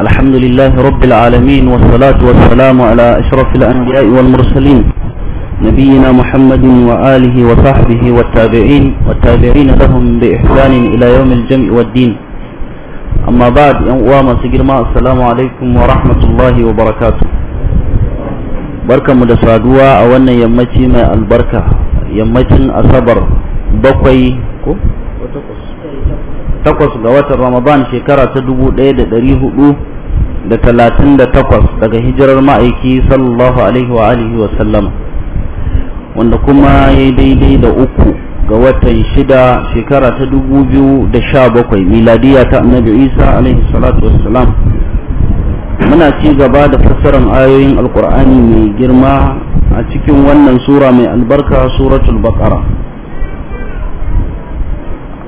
الحمد لله رب العالمين والصلاة والسلام على أشرف الأنبياء والمرسلين نبينا محمد وآله وصحبه والتابعين والتابعين لهم بإحسان إلى يوم الجمع والدين أما بعد يوم سجرما السلام عليكم ورحمة الله وبركاته بركة مدسادوة أولا يمتين البركة يمتين أصبر بقي takwas ga watan ramadan shekara ta dubu ɗaya da ɗari hudu da talatin da takwas daga hijirar ma'aiki sallallahu alaihi wa alihi wa sallama wanda kuma ya yi daidai da uku ga watan shida shekara ta dubu biyu da sha bakwai miladiya ta annabi isa alaihi salatu wassalam muna ci gaba da fassarar ayoyin alkur'ani mai girma a cikin wannan sura mai albarka suratul baqara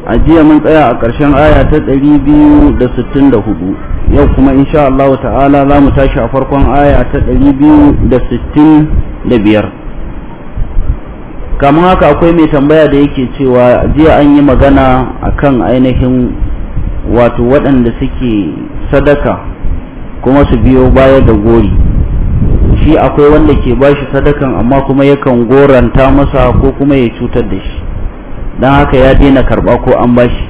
a jiya mun tsaya a ƙarshen aya ta 264 yau kuma insha Allah ta'ala za mu tashi a farkon aya ta 265 kamar haka akwai mai tambaya da yake cewa jiya an yi magana akan ainihin wato waɗanda suke sadaka kuma su biyo baya da gori shi akwai wanda ke bashi sadakan amma kuma yakan goranta masa ko kuma ya cutar da shi don haka ya daina karɓa ko an bashi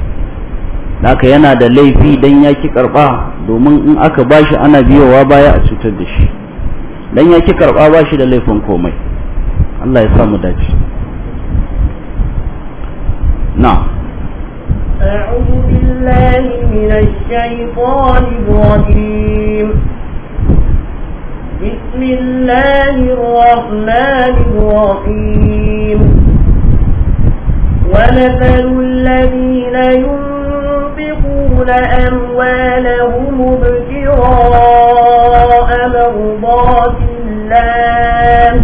haka yana da laifi don ya ki karɓa domin in aka bashi ana biyowa baya a cutar da shi don ya ki karɓa bashi da laifin komai Allah ya samu dace na أعوذ بالله من الشيطان الرجيم بسم الله الرحمن الرحيم ومثل الذين ينفقون أموالهم ابتغاء مرضات الله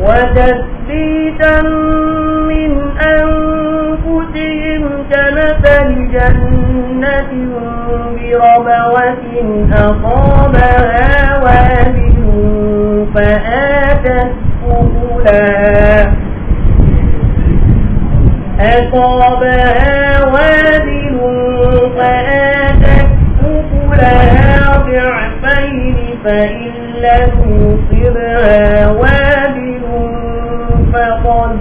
وتثبيتا من أنفسهم كمثل جنة بربوة أصابها وابل فآتت أولاد أصابها وابل فآتت أكلها ضعفين فإن لم يصبها وابل فقد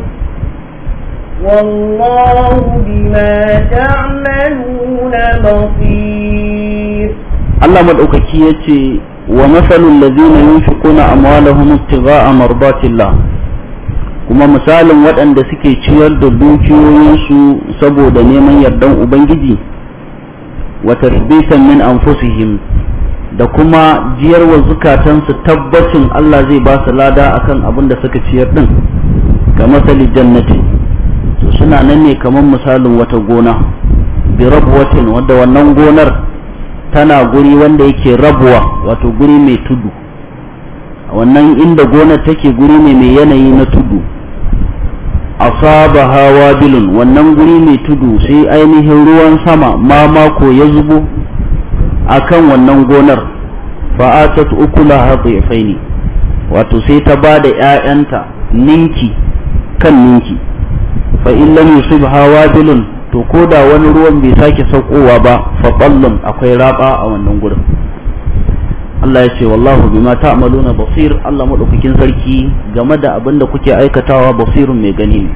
والله بما تعملون بصير الله مدعوكي يتي ومثل الذين ينفقون أموالهم ابتغاء مرضات الله kuma misalin waɗanda suke ciyar da dukiyoyinsu saboda neman yardan ubangiji wa tarbitan min anfusihim da kuma jiyar wa zukatansu tabbacin Allah zai ba su lada akan abin da suka ciyar din ga masali jannati to suna nan ne kamar misalin wata gona bi rabwatin wanda wannan gonar tana guri wanda yake rabuwa wato guri mai tudu wannan inda gonar take guri ne mai yanayi na tudu asaba hawa bilun wannan guri mai tudu sai ainihin ruwan sama ma mako ya zubo akan wannan gonar fa'atat ukulaha ne wato sai ta ba da ‘ya'yanta ninki kan ninki fa'in lam yusuf hawa bilun to ko da wani ruwan bai sake saukowa ba faɓallon akwai raba a wannan gurin Allah ya ce wallahu bima ta'maluna basir Allah madaukakin sarki game da abin da kuke aikatawa basirun mai gani ne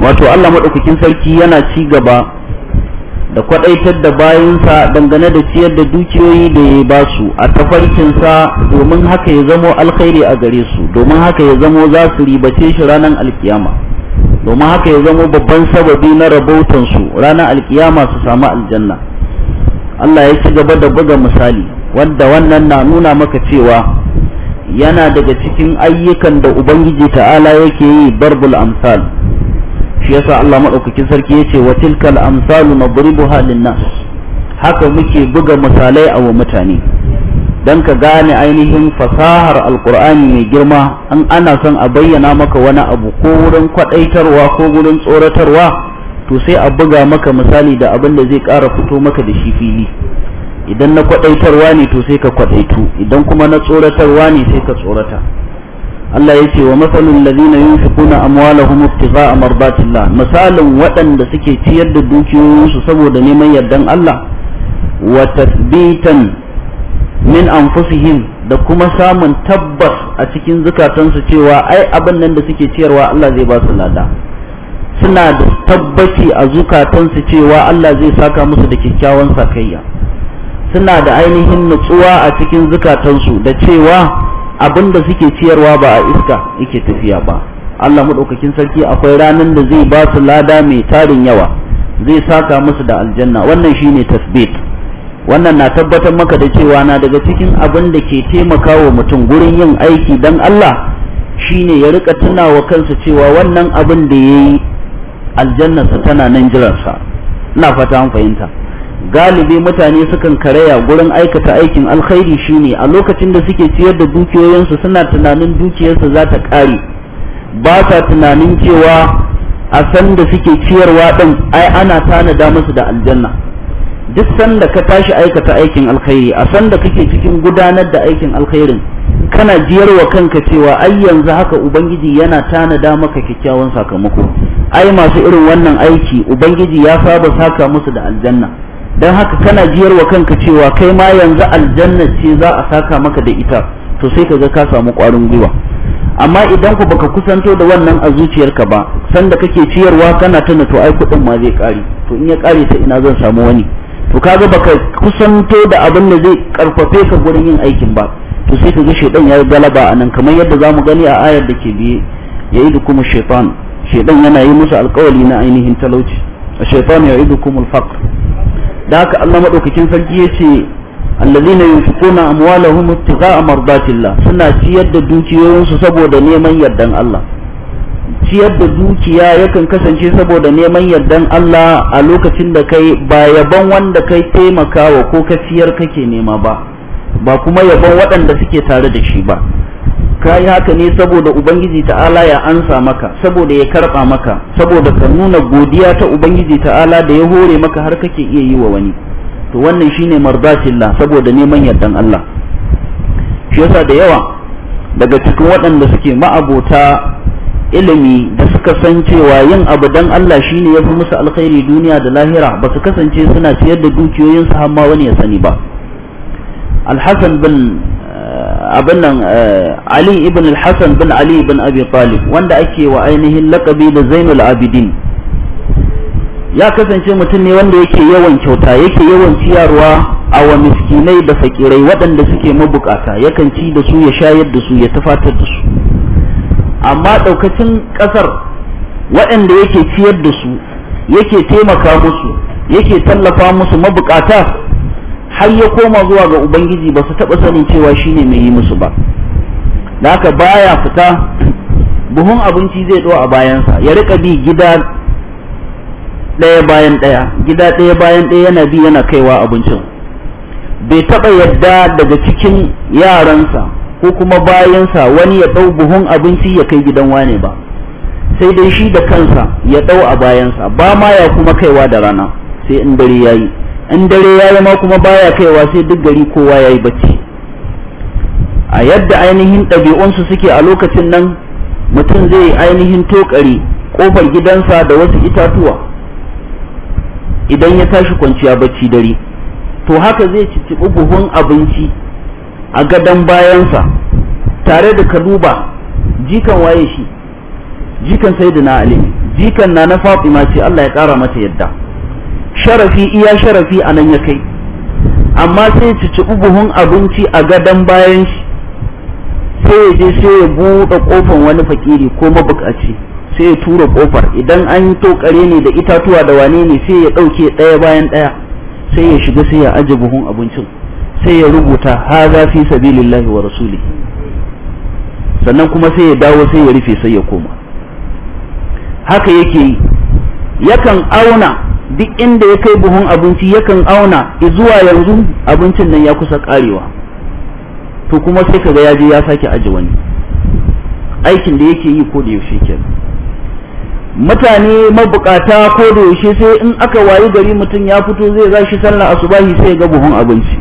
wato Allah madaukakin sarki yana ci gaba da kwadaitar da bayinsa dangane da ciyar da dukiyoyi da ya ba su a tafarkinsa domin haka ya zamo alkhairi a gare su domin haka ya zamo za su ribace shi ranar alkiyama domin haka ya zamo babban sababi na rabautansu ranar alkiyama su samu aljanna Allah ya ci gaba da buga misali wanda wannan na nuna maka cewa yana daga cikin ayyukan da ubangiji ta'ala yake yi barbul amsal shi yasa Allah madaukakin sarki yace wa tilkal amsalu nadribuha linnas haka muke buga misalai a mutane dan ka gane ainihin fasahar alqur'ani mai girma an ana son a bayyana maka wani abu ko wurin kwadaitarwa ko wurin tsoratarwa to sai a buga maka misali da abin da zai ƙara fito maka da shi fili idan na kwaɗaitarwa ne to sai ka kwaɗaitu idan kuma na tsoratarwa ne sai ka tsorata Allah ya ce wa matsalin lazina yin fi kuna amwala humuftiza a marbatillah misalin waɗanda suke ciyar da dukiyoyinsu saboda neman yardan Allah wa tasbitan min anfusihim da kuma samun tabbas a cikin zukatansu cewa ai abin nan da suke ciyarwa Allah zai ba su lada suna da tabbaci a zukatansu cewa Allah zai saka musu da kyakkyawan sakayya suna da ainihin nutsuwa a cikin zukatansu da cewa abin da suke ciyarwa ba a iska yake tafiya ba Allah maɗaukakin sarki akwai ranar da zai ba su lada mai tarin yawa zai saka musu da aljanna wannan shine tasbit wannan na tabbatar maka da cewa na daga cikin abin da ke taimakawa mutum gurin yin aiki dan Allah shine ya rika tunawa kansa cewa wannan abin da yayi aljannarsa tana nan jiransa ina fata an fahimta galibi mutane sukan karaya gurin aikata aikin alkhairi shine a lokacin da suke ciyar da dukiyoyinsu suna tunanin dukiyarsu za ta ƙare ba sa tunanin cewa a san da suke ciyarwa ɗin ai ana tanada musu da aljanna duk sanda ka tashi aikata aikin alkhairi a sanda kake cikin gudanar da aikin alkhairin kana jiyar wa kanka cewa ai yanzu haka ubangiji yana tanada maka kyakkyawan sakamako ai masu irin wannan aiki ubangiji ya saba saka musu da aljanna dan haka kana jiyar wa kanka cewa kai ma yanzu aljanna ce za a saka maka da ita to sai kaga ka samu ƙwarin gwiwa amma idan ku baka kusanto da wannan a zuciyarka ba sanda kake ciyarwa kana tana to ai kuɗin ma zai kare to in ya kare ta ina zan samu wani to kaga baka kusanto da abin da zai karfafe ka gurin yin aikin ba to sai ka ga shaidan ya yi galaba a nan kamar yadda za mu gani a ayar da ke biye ya yi dukumu shaitan shaidan yana yi musu alkawali na ainihin talauci a shaitan ya yi dukumu alfaqr da haka Allah maɗaukakin sarki ya ce allazina yunfiquna amwalahum ibtigha'a mardatillah suna ciyar da dukiyoyinsu saboda neman yardan Allah ciyar da dukiya yakan kasance saboda neman yardan Allah a lokacin da kai ba yaban wanda kai taimakawa ko ka ciyar kake nema ba ba kuma yabon waɗanda suke tare da shi ba ka yi haka ne saboda ubangiji ta'ala ya ansa maka saboda ya karɓa maka saboda ka nuna godiya ta ubangiji ta'ala da ya hore maka har kake iya yi wa wani to wannan shine mardatillah saboda neman yardan Allah shi yasa da yawa daga cikin waɗanda suke ma'abota ilimi da suka san cewa yin abu dan Allah shine yafi musu alkhairi duniya da lahira ba su kasance suna ciyar da dukiyoyinsu har ma wani ya sani ba alhassan bin abin nan ali ibn alhassan bin ali ibn abi talib wanda ake wa ainihin lakabi da zainul abidin ya kasance mutum ne wanda yake yawan kyauta yake yawan ciyarwa a wa miskinai da fakirai waɗanda suke mabukata yakan ci da su ya shayar da su ya tafatar da su amma ɗaukacin ƙasar waɗanda yake ciyar da su yake taimaka musu yake tallafa musu mabukata har ya koma zuwa ga ubangiji ba su taɓa sanin cewa ne mai yi musu ba da haka baya fita buhun abinci zai ɗau a bayansa ya rika bi gida ɗaya bayan ɗaya gida ɗaya bayan ɗaya yana bi yana kaiwa abincin bai taɓa yadda daga cikin yaransa ko kuma bayansa wani ya ɗau buhun abinci ya kai gidan wane ba sai dai shi da kansa ya ɗau a bayansa ba ma ya kuma kaiwa da rana sai in dare ya yi in dare ya yi kuma baya kaiwa sai duk gari kowa ya yi bacci a yadda ainihin ɗabi'unsu suke a lokacin nan mutum zai yi ainihin tokari ƙofar gidansa da wasu itatuwa idan ya tashi kwanciya bacci dare to haka zai cici buhun abinci a gadon bayansa tare da kaluba jikan waye shi jikan na ali jikan na na fatima ce Allah ya kara mata yadda sharafi iya sharafi a nan ya kai amma sai ci buhun abinci a gadon bayan shi sai ya je sai ya buɗe ƙofar wani fakiri ko mabukaci sai ya tura kofar idan an yi tokare ne da itatuwa da wane ne sai ya ɗauke ɗaya bayan ɗaya sai ya shiga sai ya aje buhun abincin sai ya rubuta haza fi sabilillahi wa rasuli sannan kuma sai ya dawo sai ya rufe sai ya koma haka yake yi yakan auna duk inda ya kai buhun abinci yakan auna zuwa yanzu abincin nan ya kusa karewa to kuma sai kaga ya je ya sake aje wani aikin da yake yi ko da yaushe kenan mutane mabukata ko da yaushe sai in aka wayi gari mutum ya fito zai za shi sallah asubahi sai ga buhun abinci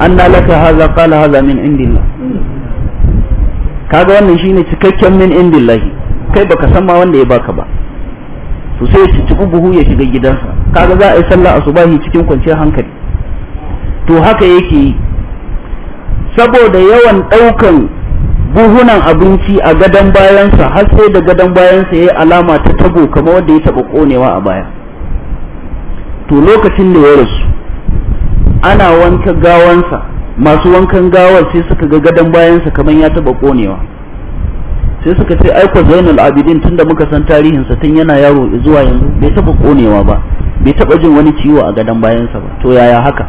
anna laka haza qala haza min indillah kaga wannan shine cikakken min indillahi kai baka san ma wanda ya baka ba to sai ya tuntuɓi buhu ya shiga gidansa kaga za a yi sallah asubahi cikin kwanciyar hankali to haka yake yi saboda yawan ɗaukan buhunan abinci a gadon bayansa har sai da gadon bayansa ya yi alama ta tabo kamar wanda ya taɓa ƙonewa a baya to lokacin da ya rasu ana wanka gawansa masu wankan gawar sai suka ga gadon bayansa kamar ya taɓa ƙonewa sai suka ce aiko zainul abidin tunda muka san tarihinsa tun yana yaro zuwa yanzu bai taba konewa ba bai taba jin wani ciwo a gadon bayansa ba to yaya haka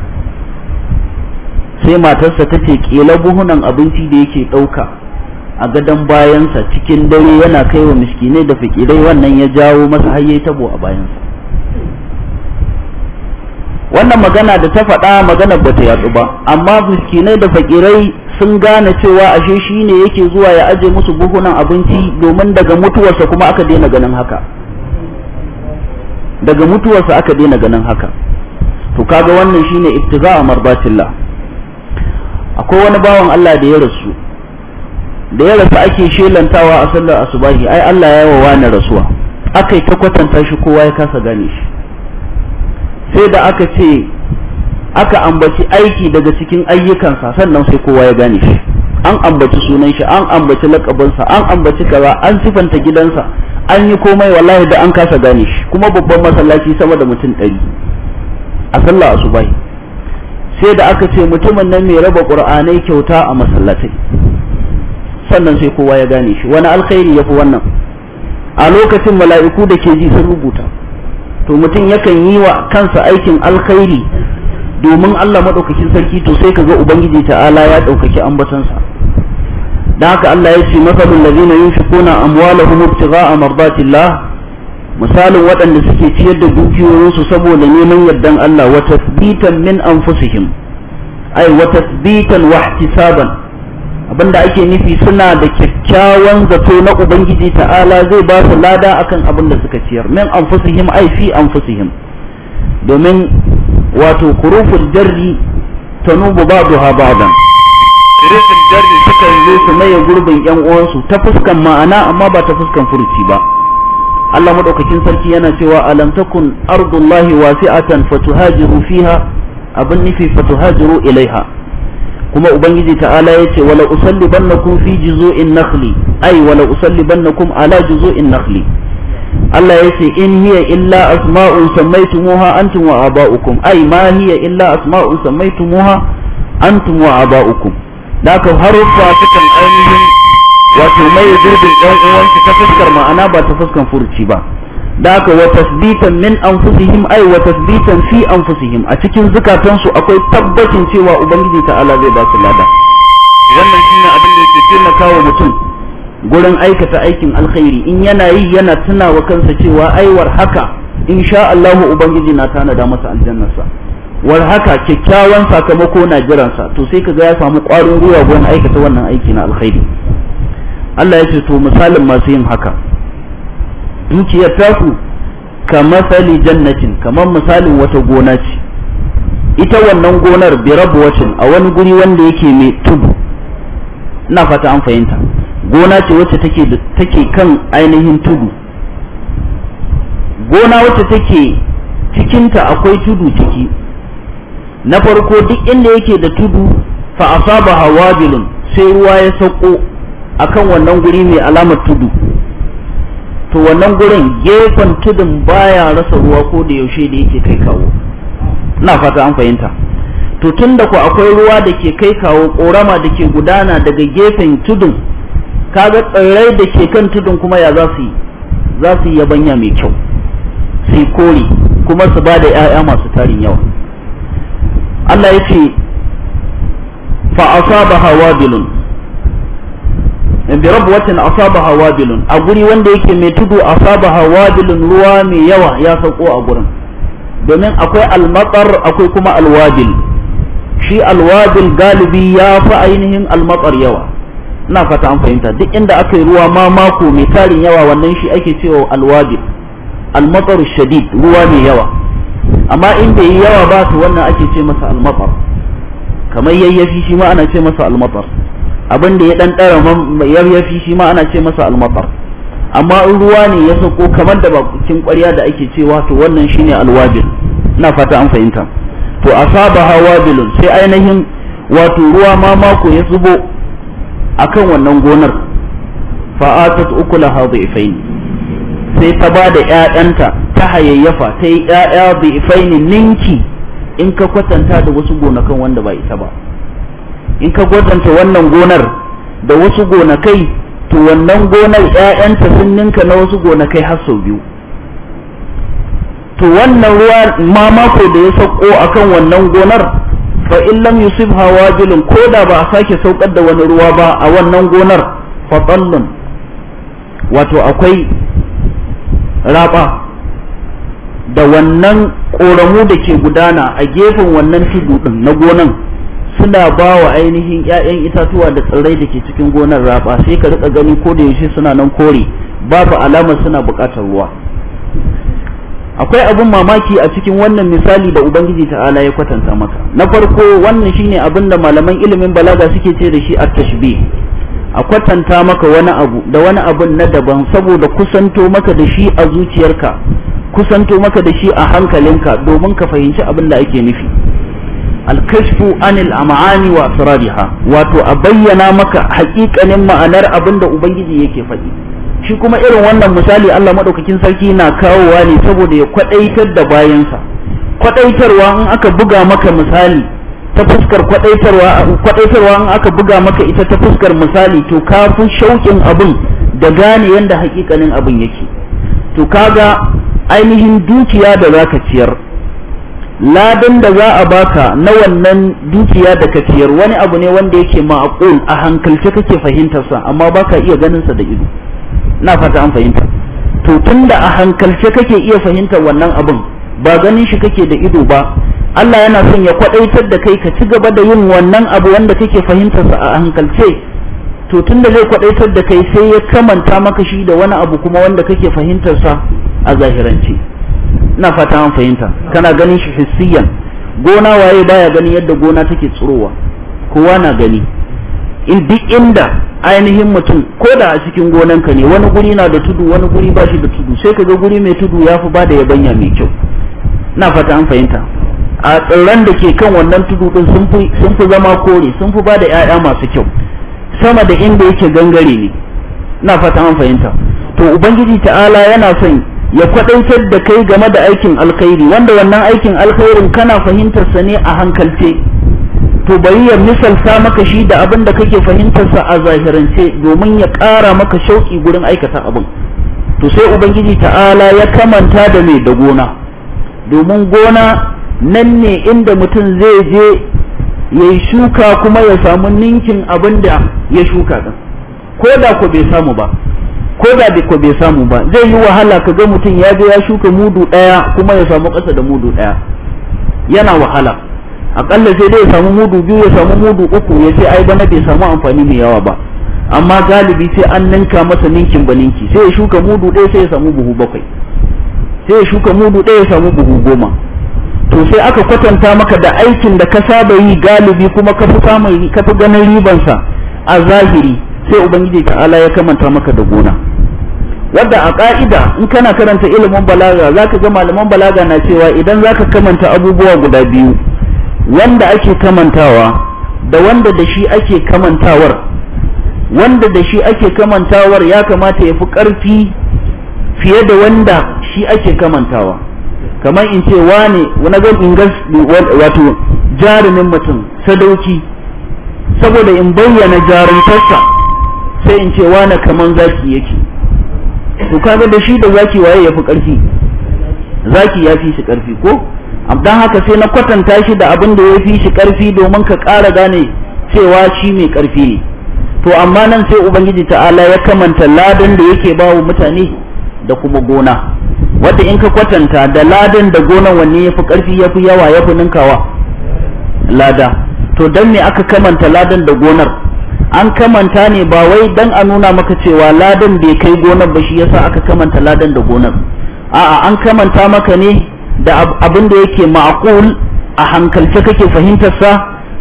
sai matarsa ta ce kela buhunan abinci da yake ɗauka a gadon bayansa cikin dare yana kai wa miskinai da fakirai wannan ya jawo masa hayye tabo a bayansa wannan magana da ta faɗa magana ba ta yadu ba amma miskinai da fakirai sun gane cewa ashe shi ne yake zuwa ya aje musu buhunan abinci domin daga mutuwarsa kuma aka daina ganin haka daga mutuwarsa aka daina ganin haka to kaga wannan shine ibtiza'a mardatillah akwai wani bawan Allah da ya rasu da ya rasu ake shelantawa a sallar asubahi ai Allah ya yawa wani rasuwa akai ta kwatanta shi kowa ya kasa gane shi sai da aka ce aka ambaci aiki daga cikin ayyukansa sannan sai kowa ya gane shi an ambaci sunan shi an ambaci lakabinsa an ambaci kaza an sifanta gidansa an yi komai wallahi da an kasa gane shi kuma babban masallaci sama da mutum ɗari a sallah asubahi sai da aka ce mutumin nan mai raba qur'anai kyauta a masallatai sannan sai kowa ya gane shi wani alkhairi yafi wannan a lokacin mala'iku da ke ji sun rubuta to mutum yakan yi wa kansa aikin alkhairi domin Allah madaukakin sarki to sai kaga ubangiji ta'ala ya ɗaukaki ambatansa dan haka Allah ya ce masalul ladina yunfiquna amwalahum a mardatillah misalin waɗanda suke ciyar da dukiyoyinsu saboda neman yardan Allah wa tasbitan min anfusihim ai wa tasbitan wa ihtisaban abinda ake nufi suna da kyakkyawan zato na ubangiji ta'ala zai ba su lada akan abin da suka ciyar min anfusihim ai fi anfusihim domin wato kurufin jarri tanubu babu ba'dan kuruful jarri suka yi su maye gurbin yan uwansu ta fuskan ma'ana amma ba ta fuskan furuci ba Allah madaukakin sarki yana cewa alam takun ardullahi wasi'atan fatuhajiru fiha abin nufi fatuhajiru ilaiha kuma ubangiji ta'ala yace wala usallibannakum fi juzu'in nakhli ay wala usallibannakum ala juzu'in nakhli Allah ya ce in hiya illa asma'un sammaytumuha antum wa aba'ukum ai ma hiya illa asma'un sammaytumuha antum wa aba'ukum da ka haruffa sukan ainihin wato mai gurbin ɗan uwansu ta fuskar ma'ana ba ta fuskar furuci ba da ka wa tasbitan min anfusihim ai wa tasbitan fi anfusihim a cikin zukatansu akwai tabbacin cewa ubangiji ta'ala zai ba su lada wannan shine abin da yake wa mutum gurin aikata aikin alkhairi in yana yi yana tunawa kansa cewa aiwar haka insha Allahu ubangiji na tanada masa aljannarsa war haka kyakkyawan sakamako na jiransa to sai kaga ya samu ƙwarin gwiwa gurin aikata wannan aiki na alkhairi Allah ya ce to misalin masu yin haka dukiyar taku ka sali jannatin kamar misalin wata gona ce ita wannan gonar bi wacin a wani guri wanda yake mai tudu ina fata an fahimta gona ce wacce take take kan ainihin tudu gona wacce take cikinta akwai tudu ciki na farko duk inda yake da tudu fa asaba hawabilun sai ruwa ya sauko akan wannan guri mai alamar tudu to wannan gurin gefen tudun baya rasa ruwa ko da yaushe da yake kai kawo ina fata an fahimta to tunda ku akwai ruwa da ke kai kawo korama da ke gudana daga gefen tudun kaga tsirrai da ke kan tudun kuma ya za su yi za su yi yabanya mai kyau su kore kuma su ba da 'ya'ya masu tarin yawa Allah ya ce fa asabaha wabilun bi rabwatin asabaha wabilun a guri wanda yake mai tudu asabaha wabilun ruwa mai yawa ya sauko a gurin domin akwai almatsar akwai kuma alwabil shi alwabil galibi ya fi ainihin almatsar yawa ina fata an fahimta duk inda aka yi ruwa ma mako mai tarin yawa wannan shi ake cewa alwajib almatar shadid ruwa mai yawa amma in bai yi yawa ba su wannan ake ce masa almatar kamar yayyafi shi ma ana ce masa almatar abin da ya dan dara yayyafi shi ma ana ce masa almatar amma in ruwa ne ya sako kamar da bakin ƙwarya da ake cewa to wannan shine alwajib ina fata an fahimta to asaba hawabilun sai ainihin wato ruwa ma mako ya zubo akan wannan gonar fa'atat ukula hadifai sai ta ba da ƴaƴanta ta hayayyafa ta yi ƴaƴa dhifaini ninki in ka kwatanta da wasu gonakan wanda ba ita ba in ka kwatanta wannan gonar da wasu gonakai to wannan gonar ƴaƴanta sun ninka na wasu gonakai har sau biyu to wannan ruwa mamako da ya sauko akan wannan gonar fa in lam yusibha wajilun ko da ba a sake saukar da wani ruwa ba a wannan gonar fa wato akwai raba da wannan ƙoramu da ke gudana a gefen wannan tudu ɗin na gonan suna ba wa ainihin 'ya'yan itatuwa da tsirrai da ke cikin gonar raba sai ka rika gani ko da yaushe suna nan kore babu alamar suna buƙatar ruwa akwai abin mamaki a cikin wannan misali da ubangiji ta'ala ya kwatanta maka na farko wannan shine abin da malaman ilimin balaga suke ce da shi a tashbih a kwatanta maka wani abu da wani abin na daban saboda kusanto maka da shi a zuciyarka kusanto maka da shi a hankalinka domin ka fahimci abin da ake nufi alkashfu anil am'ani wa asrariha wato a bayyana maka hakikanin ma'anar abin da ubangiji yake faɗi shi kuma irin wannan misali Allah madaukakin sarki na kawowa ne saboda ya kwadaitar da bayansa kwadaitarwa in aka buga maka misali ta fuskar kwadaitarwa kwadaitarwa in aka buga maka ita ta fuskar misali to kafin fi shauƙin abin da gane yanda hakikanin abin yake to kaga ainihin dukiya da zaka ciyar ladan da za a baka na wannan dukiya da ka ciyar wani abu ne wanda yake ma'aqul a hankalce kake fahimtarsa sa amma baka iya ganin sa da ido na fata an fahimta to tunda a hankalce kake iya fahimtar wannan abin ba ganin shi kake da ido ba Allah yana son ya kwadaitar da kai ka ci gaba da yin wannan abu wanda kake fahimtar sa a hankalce to tunda zai kwadaitar da kai sai ya kamanta maka shi da wani abu kuma wanda kake fahimtar sa a zahirance ina fata an fahimta kana ganin shi hissiyan gona waye baya ganin yadda gona take tsirowa kowa na gani in duk inda ainihin mutum ko da a cikin gonanka ne wani guri na da tudu wani guri ba shi da tudu sai ka ga guri mai tudu ya fi ba da yabanya mai kyau na fata an fahimta a tsirran da ke kan wannan tudu din sun fi zama kore sun fi ba da 'ya'ya masu kyau sama da inda yake gangare ne na fata an fahimta to ubangiji ta'ala yana son ya kwadaitar da kai game da aikin alkhairi wanda wannan aikin alkhairin kana fahimtar sa ne a hankalce to bari ya misalta maka shi da abin da kake fahimtarsa a zahirance domin ya ƙara maka shauƙi gurin aikata abin to sai ubangiji ta'ala ya kamanta da mai da gona domin gona nan ne inda mutum zai je ya shuka kuma ya samu ninkin abin da ya shuka ɗin ko da ko bai samu ba ko da ko bai samu ba zai yi wahala ka ga mutum ya je ya shuka mudu ɗaya kuma ya samu ƙasa da mudu ɗaya yana wahala akalla sai dai ya samu mudu biyu ya samu mudu uku ya ce ai bana bai samu amfani mai yawa ba amma galibi sai an ninka masa ninkin ba ninki sai ya shuka mudu ɗaya sai ya samu buhu bakwai sai ya shuka mudu ɗaya ya samu buhu goma to sai aka kwatanta maka da aikin da ka saba yi galibi kuma ka fi samun ka fi ganin ribansa a zahiri sai ubangiji ta'ala ya kamanta maka da gona wadda a ka'ida in kana karanta ilimin balaga zaka ga malaman balaga na cewa idan zaka kamanta abubuwa guda biyu wanda ake kamantawa da wanda da shi ake kamantawar wanda da shi ake kamantawar ya kamata ya fi ƙarfi fiye da wanda shi ake kamantawa kamar in ce wane wani zan ingas wato jarumin mutum sadauki saboda in bayyana jaruntarsa sai in ce wane kaman zaki yake to kaga da shi da zaki waye ya fi ƙarfi zaki ya fi shi ƙarfi ko dan haka sai na kwatanta shi da abin da ya fi shi ƙarfi domin ka ƙara gane cewa shi mai ƙarfi ne to amma nan sai ubangiji ta'ala ya kamanta ladan da yake ba wa mutane da kuma gona wadda in ka kwatanta da ladan da gonan wanne ya fi ƙarfi ya fi yawa ya fi ninkawa lada to dan me aka kamanta ladan da gonar an kamanta ne ba wai dan a nuna maka cewa ladan bai kai gonar ba shi yasa aka kamanta ladan da gonar a'a an kamanta maka ne da abin da yake ma'aƙul a hankalce kake fahimtar sa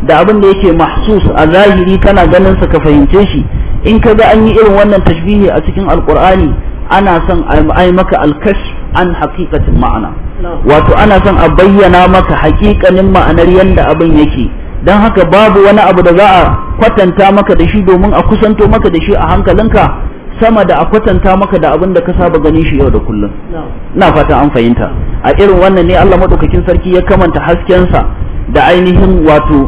da abin da yake mahsus a zahiri kana ganin sa ka fahimce shi in kaga an yi irin wannan tashbihi a cikin alƙur'ani ana son ai maka alkashf an haqiqatin ma'ana wato ana son a bayyana maka haƙiƙanin ma'anar yadda abin yake don haka babu wani abu da za a kwatanta maka da shi domin a kusanto maka da shi a hankalinka sama da a kwatanta maka da abin da ka saba gani shi yau da kullum na fata an fahimta a irin wannan ne Allah madaukakin sarki ya kamanta haskensa da ainihin wato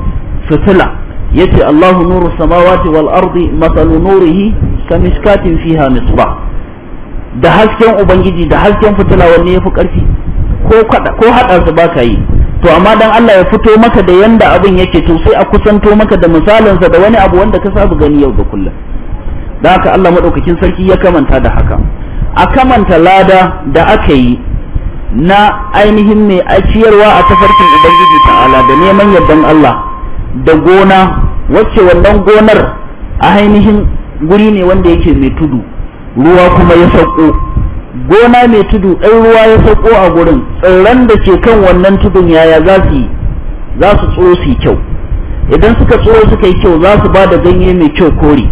fitila yace Allahu nuru samawati wal ardi masalu nurihi kamishkatin fiha misbah da hasken ubangiji da hasken fitila wanne yafi karfi ko kada ko hada su baka yi to amma dan Allah ya fito maka da yanda abin yake to sai a kusanto maka da misalinsa da wani abu wanda ka saba gani yau da kullum da haka Allah maɗaukakin sarki ya kamanta da haka a kamanta lada da aka yi na ainihin mai aciyarwa a tafarkin ubangiji ta'ala da neman yardan Allah da gona wacce wannan gonar a ainihin guri ne wanda yake mai tudu ruwa kuma ya sauko gona mai tudu ɗan ruwa ya sauko a gurin tsirran da ke kan wannan tudun yaya za su za su tsoro su yi kyau idan suka tsoro suka yi kyau za su ba da ganye mai kyau kore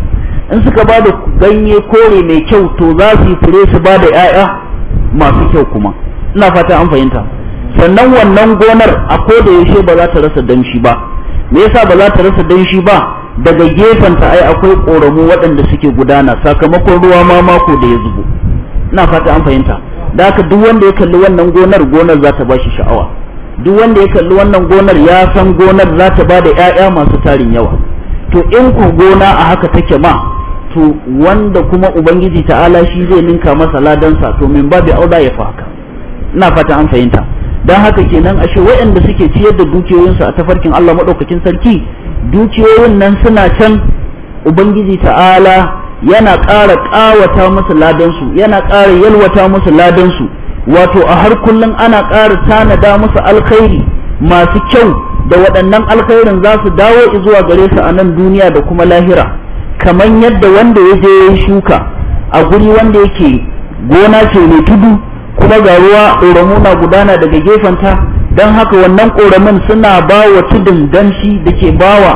in suka ba da ganye kore mai kyau to za su yi fure su ba da 'ya'ya masu kyau kuma ina fata an fahimta sannan wannan gonar a koda yaushe ba za ta rasa danshi ba me yasa ba za ta rasa danshi ba daga gefen ta ai akwai ƙoramu waɗanda suke gudana sakamakon ruwa ma mako da ya zubo ina fata an fahimta da haka duk wanda ya kalli wannan gonar gonar za ta ba shi sha'awa duk wanda ya kalli wannan gonar ya san gonar za ta ba da 'ya'ya masu tarin yawa to in ku gona a haka take ma to wanda kuma ubangiji ta'ala shi zai ninka masa ladansa to min babu auda ya faka ina fata an fahimta dan haka kenan ashe waɗanda suke ciyar da dukiyoyinsu a tafarkin Allah madaukakin sarki dukiyoyin nan suna can ubangiji ta'ala yana ƙara ƙawata musu ladansu yana ƙara yalwata musu ladansu wato a har kullum ana ƙara tanada musu alkhairi masu kyau da waɗannan alkhairin za su dawo zuwa gare su a nan duniya da kuma lahira kamar yadda wanda ya je ya shuka a guri wanda yake gona ce mai tudu kuma ga ruwa ƙoramu na gudana daga gefenta don haka wannan ƙoramin suna ba wa tudun danshi da ke ba wa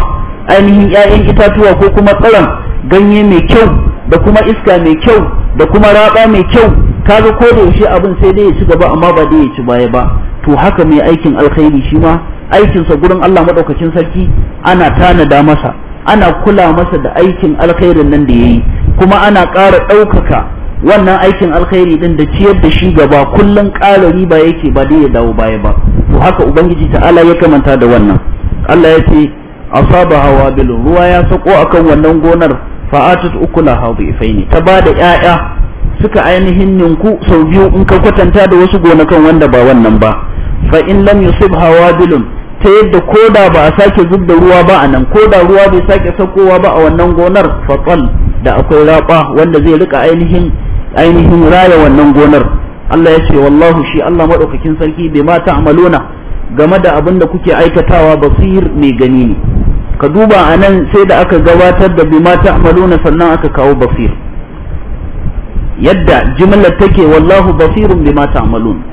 ainihin 'ya'yan itatuwa ko kuma tsaron ganye mai kyau da kuma iska mai kyau da kuma raba mai kyau kaga ko da yaushe abin sai dai ya ci gaba amma ba dai ya ci baya ba to haka mai aikin alkhairi shi ma aikinsa gurin Allah maɗaukacin sarki ana tanada masa ana kula masa da aikin alkhairin nan da yayi kuma ana ƙara ɗaukaka wannan aikin alkhairi din da ciyar da shi gaba kullun ƙara riba yake ba dai ya dawo baya ba to haka ubangiji ta ala ya kamanta da wannan Allah ya ce asaba hawa bil ruwa ya sako akan wannan gonar fa'atat ifai ne ta ba da 'ya'ya suka ainihin ninku sau biyu in ka kwatanta da wasu gonakan wanda ba wannan ba fa in lam yusib hawabilun ta yadda koda ba a sake zub da ruwa ba a nan koda ruwa bai sake saukowa ba a wannan gonar fatsal da akwai raba wanda zai rika ainihin ainihin raya wannan gonar Allah ya ce wallahu shi Allah madaukakin sarki bai ma ta'maluna game da abin da kuke aikatawa basir mai gani ne ka duba a nan sai da aka gabatar da bima ta'maluna sannan aka kawo basir yadda jimlar take wallahu basirun bima ta'malun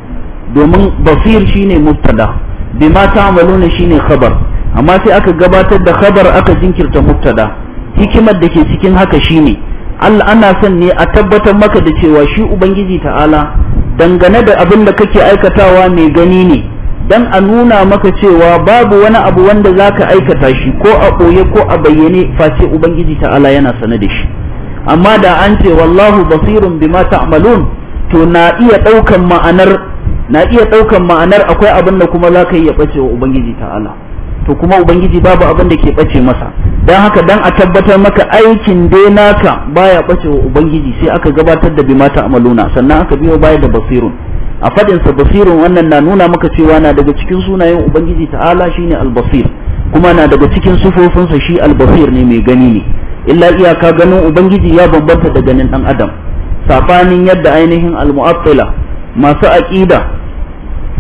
domin basir shine mubtada Bimata ta'maluna shine khabar amma sai aka gabatar da khabar aka jinkirta mubtada hikimar da ke cikin haka shine Allah ana son ne a tabbatar maka da cewa shi ubangiji ta'ala dangane da abin da kake aikatawa mai gani ne dan a nuna maka cewa babu wani abu wanda zaka aikata shi ko a ɓoye ko a bayyane face ubangiji ta'ala yana sane da shi amma da an ce wallahu basirun bima ta'malun to na iya ɗaukan ma'anar na iya ɗaukan ma'anar akwai abin da kuma za ka ya ɓace wa ubangiji ta'ala to kuma ubangiji babu abin da ke ɓace masa don haka dan a tabbatar maka aikin dai naka baya ɓace wa ubangiji sai aka gabatar da bimata amaluna sannan aka biyo baya da basirun a sa basirun wannan na nuna maka cewa na daga cikin sunayen ubangiji ta'ala shine albasir kuma na daga cikin sufofinsa shi albasir ne mai gani ne illa iyaka ganin ubangiji ya bambanta da ganin dan adam safanin yadda ainihin al-mu'attila masu aqida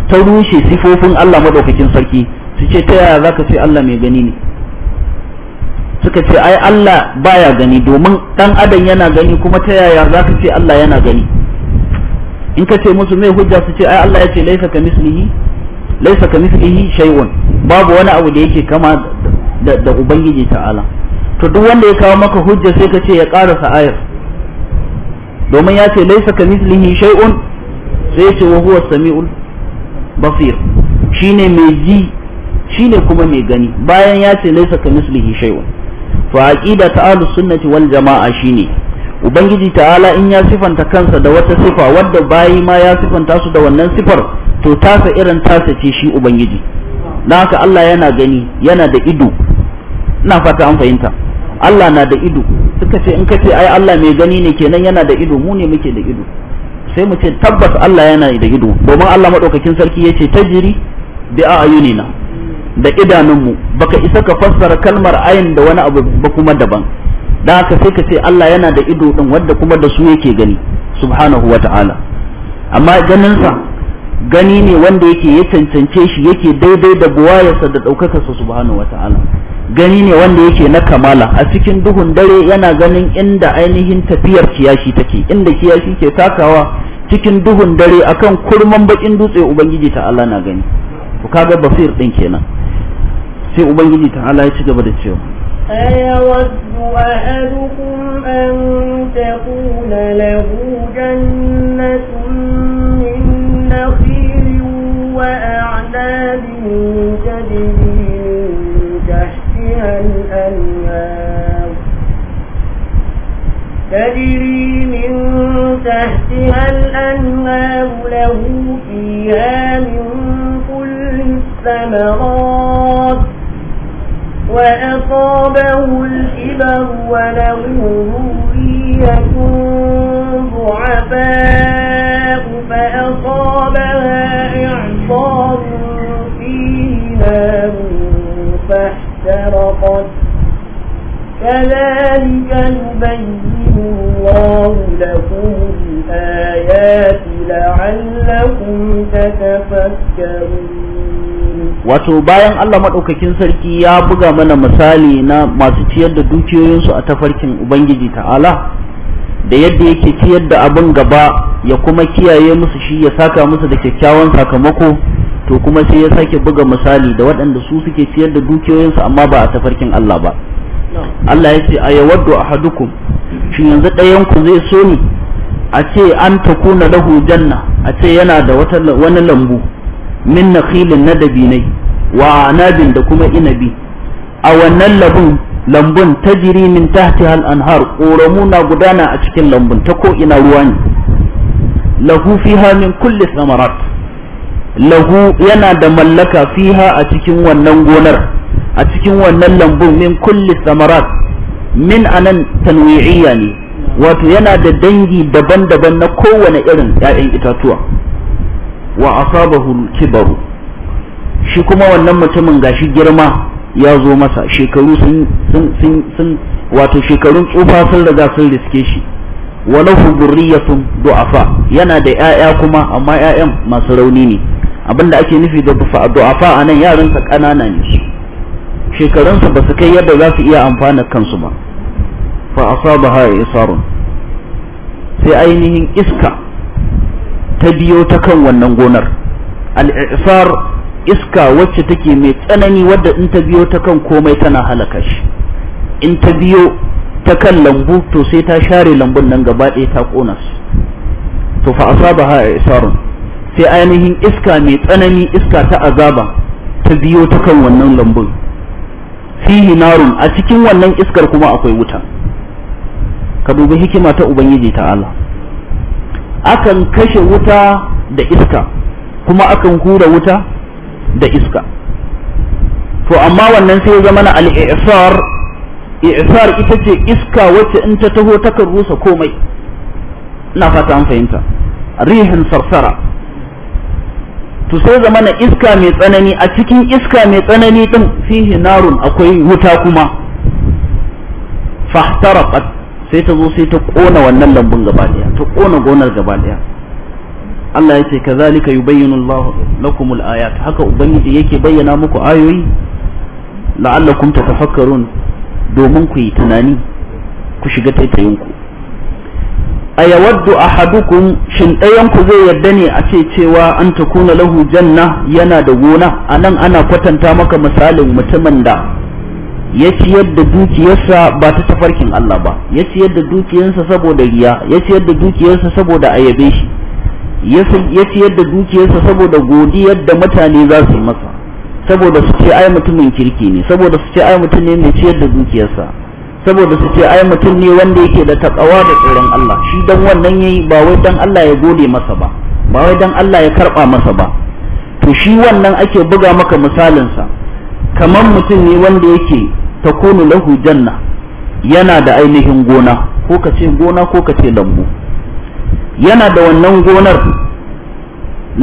ta rushe sifofin Allah madaukakin sarki su ce ta yaya za ka ce Allah mai gani ne suka ce ai Allah baya gani domin dan adam yana gani kuma ta yaya za ka ce Allah yana gani in ka ce musu mai hujja su ce ai Allah ya ce laisa ka mislihi laisa ka mislihi shay'un babu wani abu da yake kama da, da ubangiji ta'ala to duk wanda ya kawo maka hujja sai ka ce ya karasa ayar domin ya ce laisa ka mislihi shay'un sai ya ce wa huwa samiul basir shine mai ji shine kuma mai gani bayan ya ce laisa mislihi shay'un fa aqida ta ahlus sunnati wal jama'a shine ubangiji ta'ala in ya sifanta kansa da wata sifa wadda bayi ma ya sifanta su da wannan sifar to tasa irin tasa ce shi ubangiji dan haka Allah yana gani yana da ido ina fata an fahimta Allah na da ido suka ce in ka ce ai Allah mai gani ne kenan yana da ido mu ne muke da ido sai mu ce tabbas Allah yana da ido domin Allah madaukakin sarki yace tajiri bi ayunina da idanunmu baka isa ka fassara kalmar ayin da wani abu ba kuma daban da haka sai ka ce Allah yana da ido din wanda kuma da su yake gani subhanahu wata'ala amma ganin sa gani ne wanda yake ya cancance shi yake daidai da buwayarsa da ɗaukakarsa subhanahu wata'ala gani ne wanda yake na kamala a cikin duhun dare yana ganin inda ainihin tafiyar kiyashi take inda kiyashi ke takawa cikin duhun dare akan kurman bakin dutse ubangiji ta'ala na gani to kaga basir din kenan sai ubangiji ta'ala ya ci gaba da cewa أيود أحدكم أن تكون له جنة من نخيل وأعناب تجري من تحتها الأنهار له فيها من كل الثمرات وأصابه الإبر وله ذرية ضعفاء فأصابها إعصار فيه نار فاحترقت كذلك نبين الله لكم الآيات لعلكم تتفكرون wato bayan Allah madaukakin sarki ya buga mana misali na masu ciyar da dukiyoyinsu a tafarkin Ubangiji ta'ala da yadda yake ciyar da abin gaba ya kuma kiyaye musu shi ya saka musu da kyakkyawan sakamako to kuma sai ya sake buga misali da waɗanda su suke ciyar da dukiyoyinsu amma ba a tafarkin Allah ba Allah ya ce a yawaddu ahadukum shi yanzu ɗayan ku zai so ni a ce an takuna lahu janna a ce yana da wani lambu min nakhilin na dabinai wa anabin da kuma inabi a wannan lambun lambun tajiri min tahtiha anhar ƙoramu na gudana a cikin lambun ta ko ina ruwa ne lahu fiha min kulli samarat lahu yana da mallaka fiha a cikin wannan gonar a cikin wannan lambun min kulli samarat min anan tanwi'iyya ne wato yana da dangi daban-daban na kowane irin 'ya'yan itatuwa wa asabahu kibaru shi kuma wannan mutumin gashi girma ya zo masa shekaru sun sun sun wato shekarun tsufa sun riga sun riske shi wa lahu du'afa yana da ƴaƴa kuma amma ƴaƴan masu rauni ne abinda ake nufi da du'afa anan yaransa ƙanana ne su shekarunsu ba su kai yadda za su iya amfana kansu ba fa asabaha isarun sai ainihin iska ta biyo ta kan wannan gonar al-isar iska wacce take mai tsanani wadda in ta biyo ta kan komai tana halaka shi in ta biyo ta kan lambu to sai ta share lambun nan gaba ɗaya ta ƙona su to fa asabaha isarun sai ainihin iska mai tsanani iska ta azaba ta biyo ta kan wannan lambun fihi narun a cikin wannan iskar kuma akwai wuta ka dubi hikima ta ubangiji ta'ala akan kashe wuta da iska kuma akan hura wuta da iska to amma wannan sai ya zama na al'isar i'sar ita ce iska wacce in ta taho takan rusa komai ina fata an fahimta rihin sarsara to sai zama na iska mai tsanani a cikin iska mai tsanani din fihi narun akwai wuta kuma fahtaraqat sai ta zo sai ta kona wannan lambun gaba daya ta kona gonar gaba daya Allah yake kazalika yubayyinu Allah lakum al-ayat haka ubangiji yake bayyana muku ayoyi la'allakum tatafakkarun domin ku yi tunani ku shiga taitayin ku ayawaddu ahadukum shin ɗayan ku zai yarda ne a ce cewa an takuna lahu janna yana da gona anan ana kwatanta maka misalin mutumin da ya ciyar da dukiyarsa ba ta tafarkin Allah ba ya ciyar da dukiyarsa saboda riya ya ciyar da dukiyarsa saboda ayabe shi ya ciyar da dukiyarsa saboda godiyar da mutane za su yi masa saboda su ce ai mutumin kirki ne saboda su ce ai mutum ne mai ciyar da dukiyarsa saboda su ce ai mutum ne wanda yake da takawa da tsoron Allah shi dan wannan yayi ba wai dan Allah ya gode masa ba ba wai dan Allah ya karba masa ba to shi wannan ake buga maka misalinsa kamar mutum ne wanda yake takunu lahu janna yana da ainihin gona ko ka ce gona ko ka ce lambu yana da wannan gonar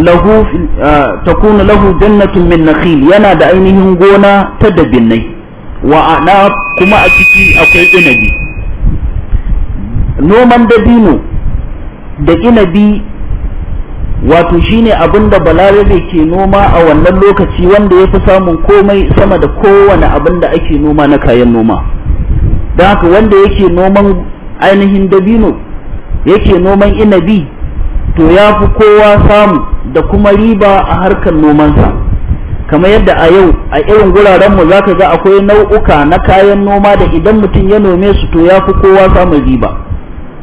lahu takunu lahu jannatun min nakhil yana da ainihin gona ta dabinnai wa ana kuma a ciki akwai inabi noman dabino da inabi wato shine abin da balarabe ke noma a wannan lokaci wanda ya fi samun komai sama da kowane abin da ake noma na kayan noma don haka wanda yake noman ainihin dabino yake noman inabi to ya fi kowa samu da kuma riba a harkar nomansa kamar yadda a yau a irin mu za ka ga akwai nau'uka na kayan noma da idan mutum ya nome su to ya fi kowa samun riba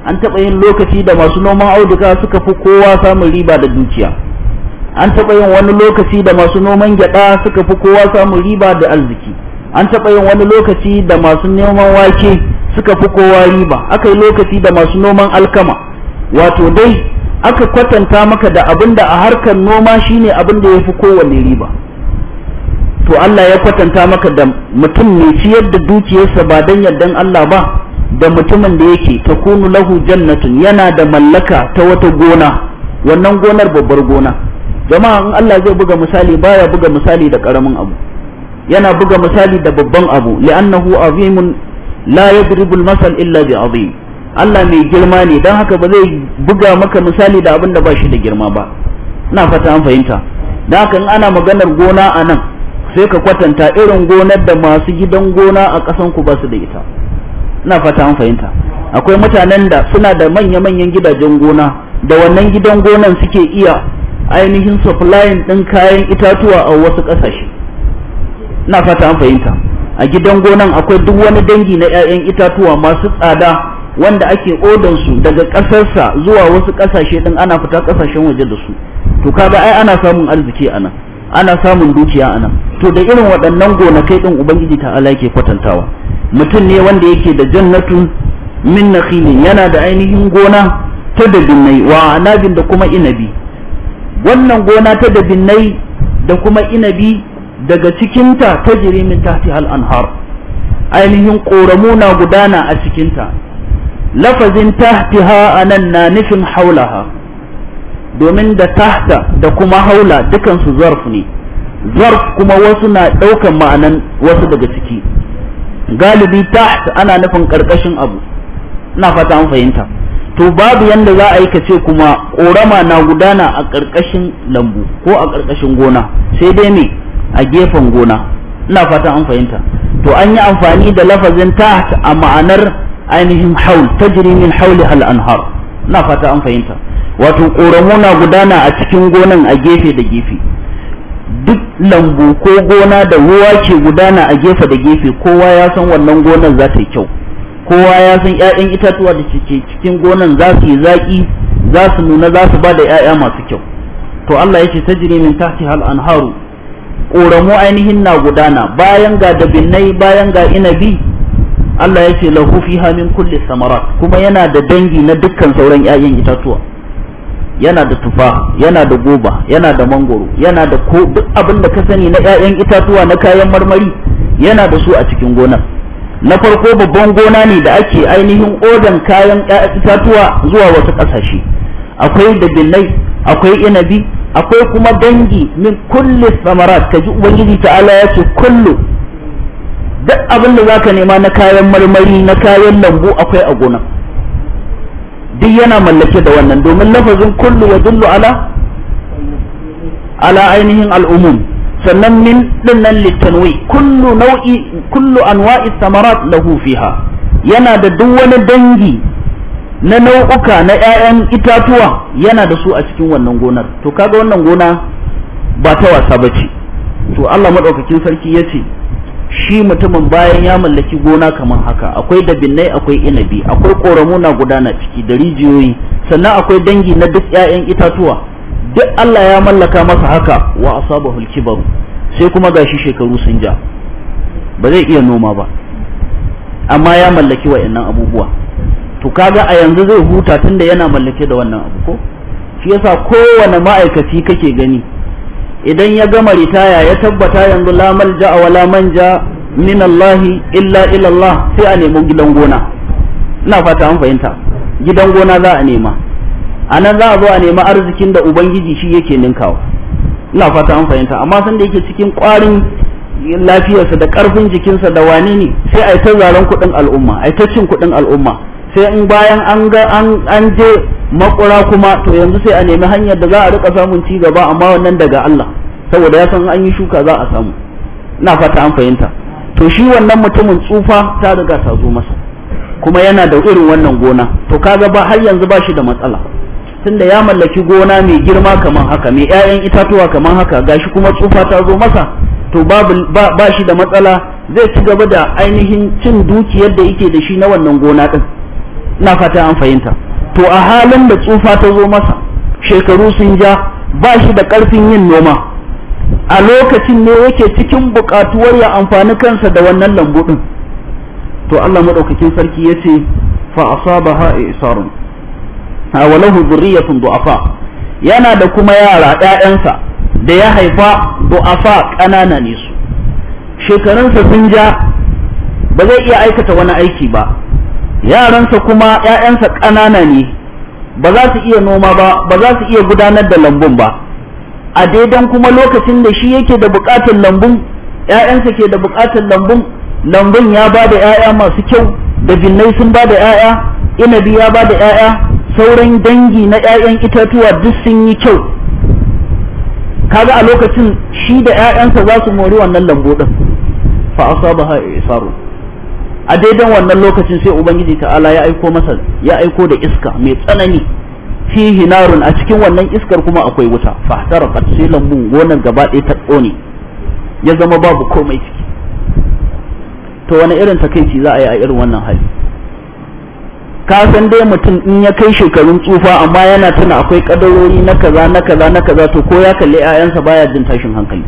an taɓa yin lokaci da masu noman auduga suka fi kowa samun riba da dukiya an taɓa yin wani lokaci da masu noman gyaɗa suka fi kowa samun riba da arziki an taɓa yin wani lokaci da masu noman wake suka fi kowa riba aka yi lokaci da masu noman alkama wato dai aka kwatanta maka da abin da a harkar noma shine abin da ya fi kowanne riba to Allah ya kwatanta maka da mutum mai ciyar da dukiyarsa ba don yardan Allah ba da mutumin da yake takunu lahu jannatun yana da mallaka ta wata gona wannan gonar babbar gona jama'a in Allah zai buga misali baya buga misali da karamin abu yana buga misali da babban abu li'annahu azimun la yadribu al-masal illa bi azim Allah mai girma ne don haka ba zai buga maka misali da abin da ba shi da girma ba ina fata an fahimta da haka in ana maganar gona a nan sai ka kwatanta irin gonar da masu gidan gona a kasan ku ba su da ita ina fata an fahimta akwai mutanen da suna da manya-manyan gidajen gona da wannan gidan gonan suke iya ainihin supplying din kayan itatuwa a wasu ƙasashe ina fata an fahimta a gidan gonan akwai duk wani dangi na 'ya'yan itatuwa masu tsada wanda ake su daga ƙasarsa zuwa wasu ƙasashe ɗin ana fita ƙasashen waje da su to kaga ai ana samun arziki a nan ana samun dukiya a nan to da irin waɗannan gonakai ɗin ubangiji ta Allah yake kwatantawa mutum ne wanda yake da jannatun min nakhilin yana da ainihin gona ta dabinai wa anabin da kuma inabi wannan gona ta dabinai da kuma inabi daga cikinta ta jiri min tahti al anhar ainihin ƙoramu na gudana a cikinta lafazin tahtiha anan na nufin haulaha domin da tahta da kuma haula dukansu zarf ne zarf kuma wasu na ɗaukan ma'anan wasu daga ciki galibi ta ana nufin karkashin abu ina fata an fahimta to babu yanda za a yi kace kuma korama na gudana a karkashin lambu ko a karkashin gona sai dai ne a gefen gona ina fata an fahimta to an yi amfani da lafazin ta a ma'anar ainihin haul tajri min hauli hal anhar ina fata an fahimta wato koramu na gudana a cikin gonan a gefe da gefe duk lambu ko gona da ruwa ke gudana a gefe da gefe kowa ya san wannan gonan za ta yi kyau kowa ya san 'ya'yan itatuwa da ke cikin gonan za su yi zaƙi za su nuna za su ba da 'ya'ya masu kyau to Allah ya ce tajri min tahtiha hal anharu ƙoramu ainihin na gudana bayan ga dabinnai bayan ga inabi Allah ya ce lahu fiha min kulli samarat kuma yana da dangi na dukkan sauran 'ya'yan itatuwa yana da tufa yana da goba yana da mangoro yana da ko duk abin da ka sani na 'ya'yan itatuwa na kayan marmari yana da su a cikin gona na farko babban gona ne da ake ainihin odan kayan itatuwa zuwa wasu ƙasashe akwai dabinai akwai inabi akwai kuma dangi min kulli samarat kaji ubangiji ta'ala ya ce kullu duk abin da zaka nema na kayan marmari na kayan lambu akwai a gonar duk yana mallake da wannan domin lafazin kullu ya dullu ala ala ainihin al'umum sannan min dinnan littanwi kullu nau'i kullu anwa'i samarat lahu fiha yana da duk wani dangi na nau'uka na ƴaƴan itatuwa yana da su a cikin wannan gonar to kaga wannan gona ba ta wasa bace to Allah madaukakin sarki yace shi mutumin bayan ya mallaki gona kamar haka akwai dabinnai akwai inabi akwai koramu na gudana ciki da rijiyoyi sannan akwai dangi na duk 'ya'yan itatuwa duk Allah ya mallaka masa haka wa asabahul kibar sai kuma gashi shekaru sun ja ba zai iya noma ba amma ya mallaki wa'annan abubuwa to kaga a yanzu zai huta tunda yana mallake da wannan abu ko shi yasa kowane ma'aikaci kake gani idan ya gama ritaya ya tabbata yanzu la malja wa la manja min Allah illa ila Allah sai a nemi gidan gona ina fata an fahimta gidan gona za a nema anan za a zo a nemi arzikin da ubangiji shi yake ninkawa ina fata an fahimta amma san da yake cikin ƙwarin lafiyarsa da ƙarfin jikinsa da wane ne sai a yi ta zaren kuɗin al'umma a yi ta cin kuɗin al'umma sai in bayan an ga an je makura kuma to yanzu sai a nemi hanyar da za a rika samun ci gaba amma wannan daga Allah saboda ya san an yi shuka za a samu ina fata an fahimta to shi wannan mutumin tsufa ta riga ta zo masa kuma yana da irin wannan gona to kaga ba har yanzu ba shi da matsala tunda ya mallaki gona mai girma kaman haka mai ƴaƴan itatuwa kaman haka gashi kuma tsufa ta zo masa to babu ba, ba shi da matsala zai ci gaba da ainihin cin dukiyar da yake da shi na wannan gona din na fata an fahimta to a halin da tsufa ta zo masa shekaru sun ja ba shi da ƙarfin yin noma a lokacin ne yake cikin buƙatuwar ya amfani kansa da wannan lambu ɗin to Allah maɗaukakin sarki ya ce fa asaba ha isarun ha walahu zurriyatun du'afa yana da kuma yara ɗayansa da ya haifa du'afa ƙanana ne su shekarunsa sun ja ba zai iya aikata wani aiki ba yaransa kuma ƴaƴansa ƙanana ne ba za su iya noma ba ba za su iya gudanar da lambun ba a daidan kuma lokacin da shi yake da buƙatar lambun ƴaƴansa ke da buƙatar lambun lambun ya ba da ƴaƴa masu kyau da jinnai sun ba da ƴaƴa inabi ya ba da ƴaƴa sauran dangi na ƴaƴan itatuwa duk sun yi kyau kaga a lokacin shi da ƴaƴansa za su mori wannan lambu ɗin. fa asabaha isaru a daidan wannan lokacin sai ubangiji ta'ala ya aiko masa ya aiko da iska mai tsanani fihi narun a cikin wannan iskar kuma akwai wuta tara sai mun gonan gaba ɗaya ta tsone ya zama babu komai ciki to wani irin takaici za a yi a irin wannan hali ka san dai mutum in ya kai shekarun tsufa amma yana tuna akwai kadarori na kaza na kaza na kaza to ko ya kalli 'ya'yansa baya jin tashin hankali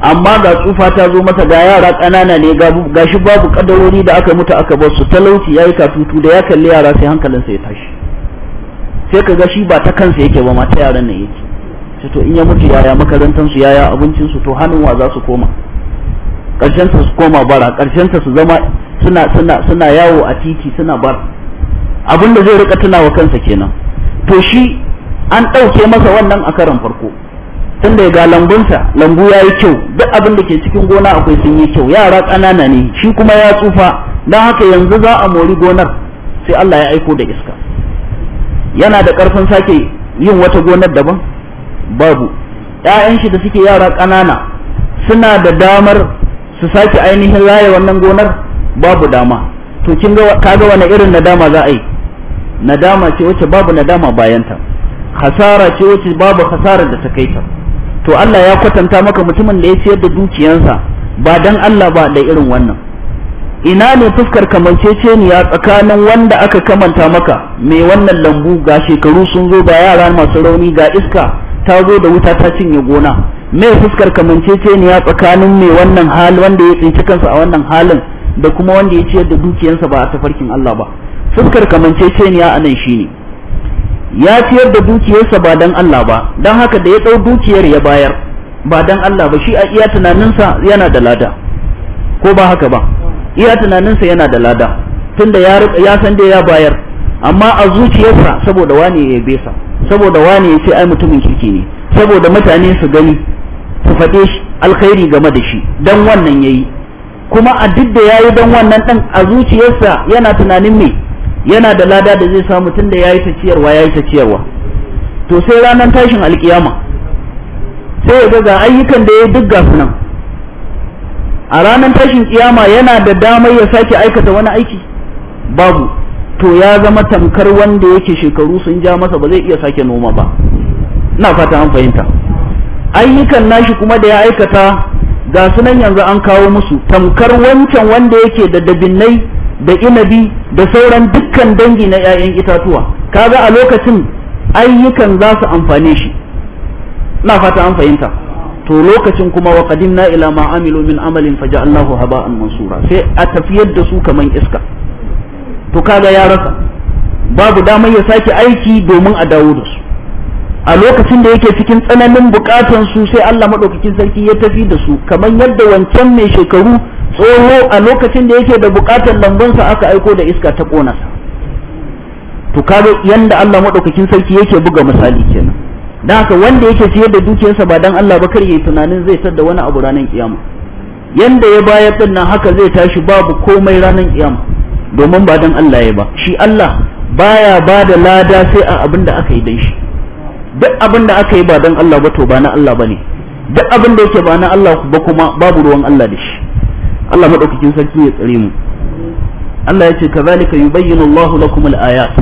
amma ga tsufa ta zo mata ga yara ƙanana ne ga shi babu kadarori da aka mutu aka bar su talauci yayi katutu da ya kalli yara sai hankalinsa ya tashi sai ka ga shi ba ta kansa yake ba ma ta yaran nan yake sai to in ya mutu yaya makarantar su yaya abincin su to hannun wa za su koma karshen su koma bara karshen su zama suna suna suna yawo a titi suna bara abin da zai rika tunawa kansa kenan to shi an ɗauke masa wannan a karan farko tunda ya ga lambunta lambu ya yi kyau duk abin da ke cikin gona akwai sun yi kyau yara ƙanana ne shi kuma ya tsufa don haka yanzu za a mori gonar sai Allah ya aiko da iska yana da ƙarfin sake yin wata gonar daban babu ‘ya'yan shi da suke yara ƙanana suna da damar su sake ainihin laye wannan gonar babu dama to kin ga kaga wani irin nadama za a yi nadama ce wacce babu nadama bayanta hasara ce wacce babu hasara da ta kai ta to Allah ya kwatanta maka mutumin da ya ciyar da dukiyarsa ba dan Allah ba da irin wannan ina ne fuskar kamanceceniya tsakanin wanda aka kamanta maka mai wannan lambu ga shekaru sun zo ga yara masu rauni ga iska ta zo da wuta ta cinye gona mai fuskar kamanceceniya tsakanin mai wannan hali wanda ya tsinci kansa a wannan halin da kuma wanda ya ciyar da dukiyarsa ba a tafarkin Allah ba fuskar kamanceceniya a nan shine ya ciyar da dukiyarsa ba dan Allah ba don haka da ya ɗau dukiyar ya bayar ba dan Allah ba shi a iya tunaninsa yana da lada ko ba haka ba iya tunaninsa yana da lada tunda ya ya san da ya bayar amma a zuciyarsa saboda wani ya yabe sa saboda wani ya ce ai mutumin kirki ne saboda mutane su gani su faɗe shi alkhairi game da shi dan wannan yayi kuma a duk da yayi dan wannan dan a zuciyarsa yana tunanin me yana da lada da zai samu tun da ya yi ta ciyarwa ya yi ta to sai ranar tashin alkiyama sai ya ga ayyukan da ya duk gasu nan a ranan tashin kiyama yana da damar ya sake aikata wani aiki babu to ya zama tamkar wanda yake shekaru sun ja masa ba zai iya sake noma ba na fata an fahimta ayyukan nashi kuma da ya aikata ga sunan yanzu an kawo musu tamkar wancan wanda yake da dabinnai da inabi da sauran dukkan dangi na 'ya'yan itatuwa kaga a lokacin ayyukan za su amfane shi na fata an fahimta to lokacin kuma wa qadimna ila ma amilu min amalin faja'alnahu haba'an mansura sai a tafiyar da su kaman iska to kaga ya rasa babu damar ya sake aiki domin a dawo da su a lokacin da yake cikin tsananin bukatan su sai Allah madaukakin sarki ya tafi da su kaman yadda wancan mai shekaru tsoho a lokacin da yake da bukatar lambunsa aka aiko da iska ta kona sa to kaga yanda Allah madaukakin sarki yake buga misali kenan dan haka wanda yake siyar da dukiyarsa ba dan Allah ba kar yayi tunanin zai sadda wani abu ranar kiyama yanda ya bayar din nan haka zai tashi babu komai ranar kiyama domin ba dan Allah ya ba shi Allah baya ba lada sai a abin da aka yi dan shi duk abin da aka yi ba dan Allah ba to ba na Allah bane duk abin da yake ba na Allah ba kuma babu ruwan Allah da shi Allah madaukakin sarki ya tsare mu Allah yace kazalika bayyana Allah lakum al-ayat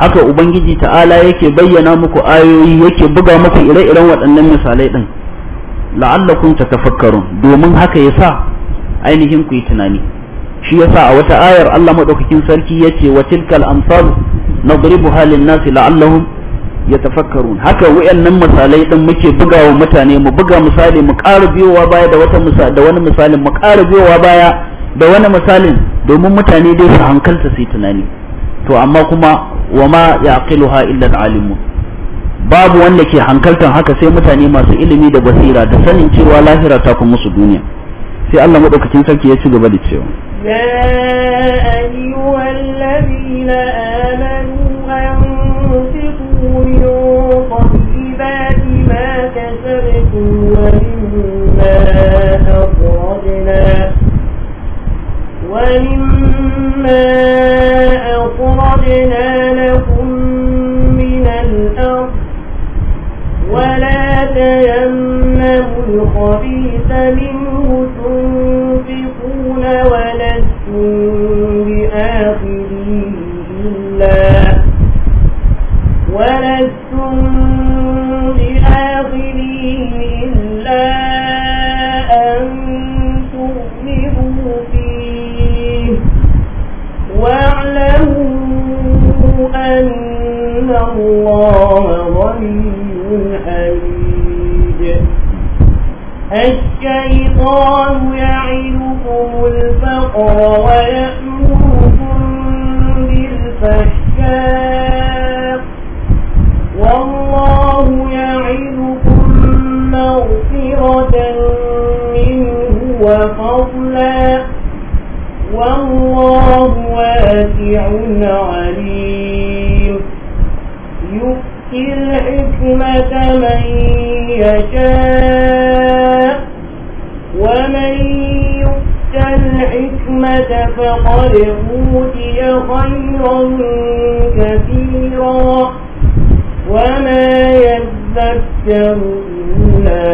haka ubangiji ta'ala yake bayyana muku ayoyi yake buga muku ire-iren waɗannan misalai ɗin, la'allakum tatafakkarun domin haka yasa ainihin ku yi tunani shi yasa a wata ayar Allah maɗaukakin sarki yace wa tilkal amsal nadribuha lin-nasi la'allahum yatafakkarun haka wayannan misalai din muke bugawa mutane mu buga misali mu ƙara biyowa baya da wata misali da wani misalin mu ƙara biyowa baya da wani misalin domin mutane dai su hankalta su yi tunani to amma kuma wama yaqiluha illa alimu. babu wanda ke hankaltan haka sai mutane masu ilimi da basira da sanin cewa lahira ta kuma musu duniya sai Allah madaukakin sarki ya ci gaba da cewa ya ayyuhal ladina مما أخرجنا ومما أخرجنا لكم من الأرض ولا تيمموا الخبيث منه تنفقون ولستم بآخره إلا الله غني حميد الشيطان يعدكم الفقر ويأمركم بالفحشاء والله يعدكم مغفرة منه وفضلا والله واسع عليم رحمك من يشاء ومن يؤت الحكمة فقد أوتي خيرا كثيرا وما يذكر إلا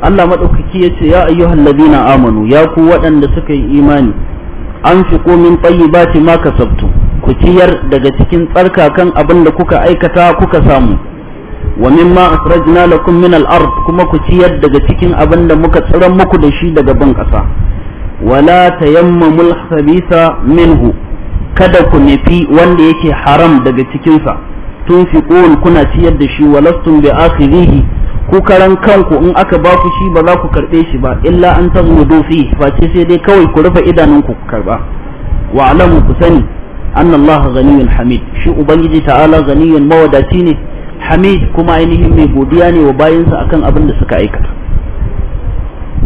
Allah maɗaukaki ya ce, Ya ayyuhal ladina amanu, ya ku waɗanda suka yi imani, an fi komin ɓayi ba ma ka ku ciyar daga cikin tsarkakan abin da kuka aikata kuka samu wa mimma akhrajna lakum min al-ard kuma ku ciyar daga cikin abin da muka tsiran muku da shi daga ban kasa wala tayammamul khabitha minhu kada ku nufi wanda yake haram daga cikin sa tunfiqun kuna ciyar da shi walastum bi akhirihi ku karan kanku in aka ba ku shi ba za ku karbe shi ba illa an tazmudu fi face sai dai kawai ku rufe idanunku ku karba wa alamu ku sani anna Allah ganiyun hamid shi ubangiji ta'ala ganiyyan mawadaci ne hamid kuma ainihin mai godiya ne wa bayansa akan abin da suka aikata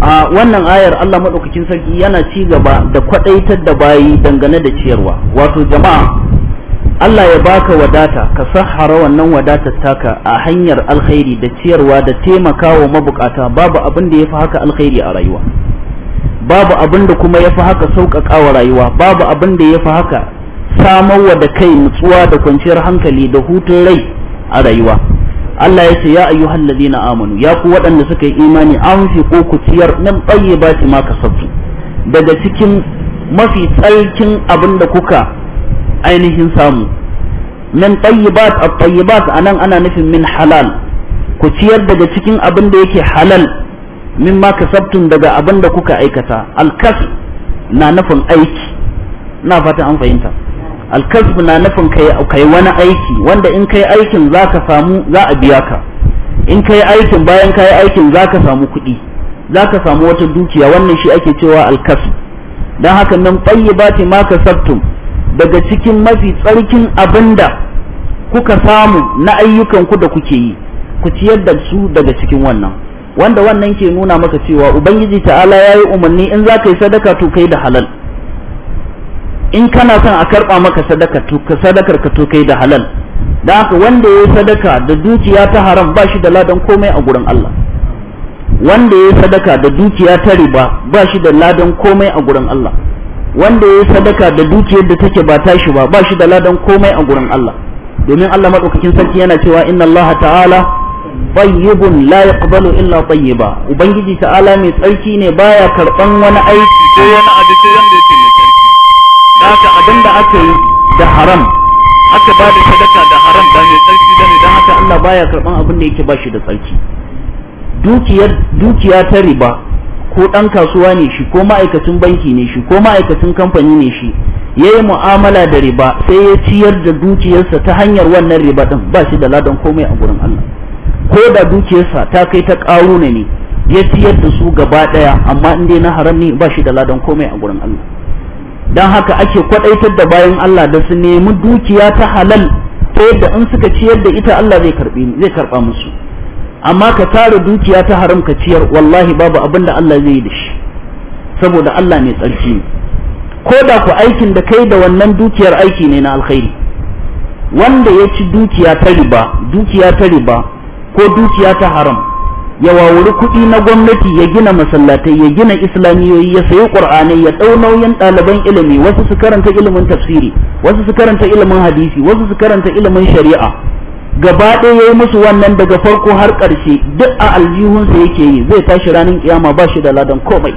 a wannan ayar Allah madaukakin sarki yana ci gaba da kwadaitar da bayi dangane da ciyarwa wato jama'a Allah ya baka wadata ka sahara wannan wadatar taka a hanyar alkhairi da ciyarwa da taimakawa mabukata babu abin da yafi haka alkhairi a rayuwa babu abin da kuma yafi haka sauƙaƙawa rayuwa babu abin da yafi haka samarwa da kai nutsuwa da kwanciyar hankali da hutun rai a rayuwa Allah ya ce ya ayyuhal na amanu ya ku waɗanda suka yi imani an fi ko ku ciyar nan tsaye ba ma kasabtu daga cikin mafi tsarkin abin da kuka ainihin samu min tayyibat at-tayyibat anan ana nufin min halal ku ciyar daga cikin abin da yake halal min ma kasabtum daga abin da kuka aikata al na nufin aiki na fata an fahimta alkasb na nufin kai wani aiki wanda in kai aikin za ka samu za a biya ka in kai aikin bayan kai aikin za ka samu kuɗi za ka samu wata dukiya wannan shi ake cewa alkasb don haka nan tsayyibati maka kasabtum daga cikin mafi tsarkin abinda kuka samu na ayyukan ku da kuke yi ku ciyar da su daga cikin wannan wanda wannan ke nuna maka cewa ubangiji ta'ala ya yi umarni in za ka yi sadaka to kai da halal in kana son a karɓa maka sadaka ka sadakar ka to kai da halal da haka wanda ya sadaka da dukiya ta haram ba shi da ladan komai a gurin Allah wanda ya sadaka da dukiya ta riba ba shi da ladan komai a gurin Allah wanda ya sadaka da dukiyar da take ba tashi ba ba shi da ladan komai a gurin Allah domin Allah madaukakin sarki yana cewa inna Allah ta'ala tayyibun la yaqbalu illa tayyiba ubangiji ta'ala mai tsarki ne baya karban wani aiki ko wani abu sai wanda yake haka abin da aka yi da haram aka ba da sadaka da haram da mai tsarki da mai don haka Allah baya karɓan abin da yake ba shi da tsarki dukiyar dukiya ta riba ko ɗan kasuwa ne shi ko ma'aikacin banki ne shi ko ma'aikacin kamfani ne shi ya yi mu'amala da riba sai ya ciyar da dukiyarsa ta hanyar wannan riba ɗin ba shi da ladan komai a gurin Allah ko da dukiyarsa ta kai ta ƙaru ne ya ciyar da su gaba ɗaya amma in dai na haram ne ba shi da ladan komai a gurin Allah don haka ake kwadaitar da bayan Allah da su nemi dukiya ta halal ta yadda in suka ciyar da ita Allah zai karbi zai karba musu amma ka tara dukiya ta haram ka ciyar wallahi babu abin da Allah zai yi da shi saboda Allah ne tsarki ko da ku aikin da kai da wannan dukiyar aiki ne na alkhairi wanda ya ci dukiya ta riba dukiya ta riba ko dukiya ta haram ya wawuri kuɗi na gwamnati ya gina masallatai ya gina islamiyoyi ya sayi qur'anai ya ɗau nauyin ɗaliban ilimi wasu su karanta ilimin tafsiri wasu su karanta ilimin hadisi wasu su karanta ilimin shari'a gaba ɗaya ya yi musu wannan daga farko har ƙarshe duk a aljihunsa yake yi zai tashi ranar kiyama ba shi da ladan komai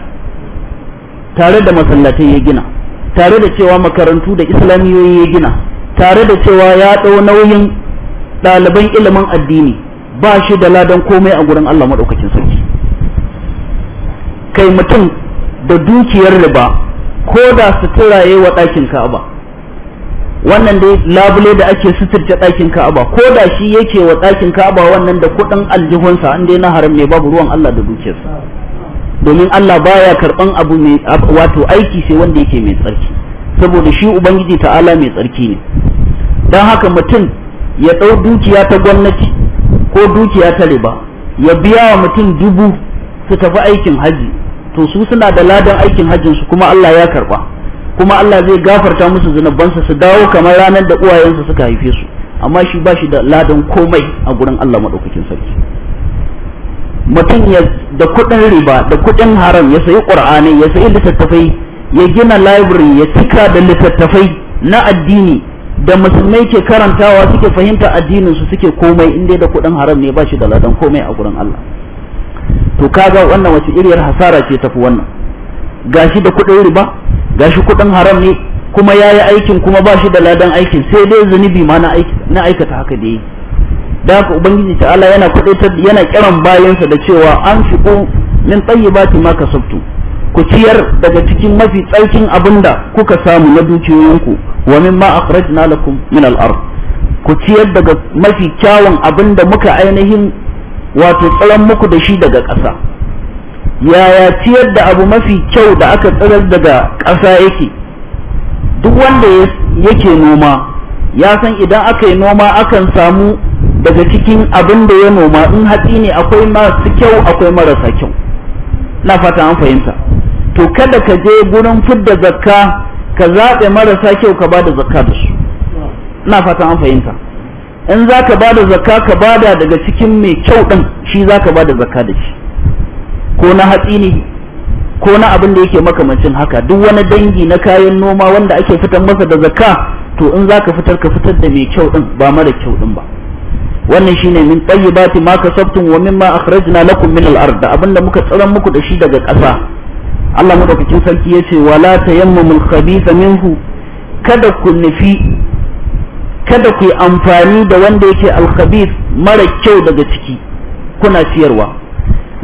tare da masallatai ya gina tare da cewa makarantu da islamiyoyi ya gina tare da cewa ya ɗau nauyin ɗaliban ilimin addini ba shi da ladan komai a gurin Allah maɗaukakin sarki kai mutum da dukiyar riba ko da sutura wa ɗakin Ka'aba wannan dai labule da ake suturta ɗakin Ka'aba ko da shi yake wa ɗakin Ka'aba wannan da kuɗin aljihunsa an dai na haram ne babu ruwan Allah da dukiyarsa domin Allah baya karɓan abu mai wato aiki sai wanda yake mai tsarki saboda shi ubangiji ta'ala mai tsarki ne dan haka mutum ya ɗau dukiya ta gwamnati ko dukiya ta riba ya biya wa mutum dubu su tafi aikin haji to su suna da ladan aikin hajjin su kuma Allah ya karba kuma Allah zai gafarta musu zunubansu su dawo kamar ranar da uwayensu suka haife su amma shi ba shi da ladan komai a gurin Allah madaukakin sarki mutum ya da kuɗin riba da kuɗin haram ya sayi ƙur'ani ya sayi littattafai ya gina library ya cika da littattafai na addini da musulmai ke karantawa suke fahimta addinin su suke komai inda da kuɗin haram ne ba shi da ladan komai a gurin Allah to kaga wannan wace iriyar hasara ce tafi wannan gashi da kuɗin riba gashi kuɗin haram ne kuma yayi aikin kuma ba shi da ladan aikin sai dai zunubi ma na na aikata haka da yi da haka ubangiji ta'ala yana kudaitar yana kiran bayansa da cewa an shiku min tayyibati ma kasabtu ku ciyar daga cikin mafi tsarkin abin da kuka samu na dukiyoyinku wa ma akhrajna lakum min al-ard ku ciyar daga mafi kyawun abin da muka ainihin wato tsaron muku da shi daga ƙasa yaya ciyar da abu mafi kyau da aka tsirar daga ƙasa yake duk wanda yake noma ya san idan aka yi noma akan samu daga cikin abin da ya noma in hatsi ne akwai masu kyau akwai marasa kyau na fata an fahimta to kada ka je gurin fidda zakka ka zaɓe marasa kyau ka bada zakka da su ina fatan an fahimta in za ka bada zakka ka bada daga cikin mai kyau ɗin shi za ka bada zakka da shi ko na hatsi ne ko na abin da yake makamancin haka duk wani dangi na kayan noma wanda ake fitar masa da zakka to in za ka fitar ka fitar da mai kyau ɗin ba mara kyau ɗin ba wannan shine min tayyibati ma kasabtum wa mimma akhrajna lakum min al-ard abinda muka tsaron muku da shi daga ƙasa Allah madaukakin sarki ya yace wala tayammamul khabitha minhu kada ku nufi kada ku yi amfani da wanda yake alkhabith mara kyau daga ciki kuna ciyarwa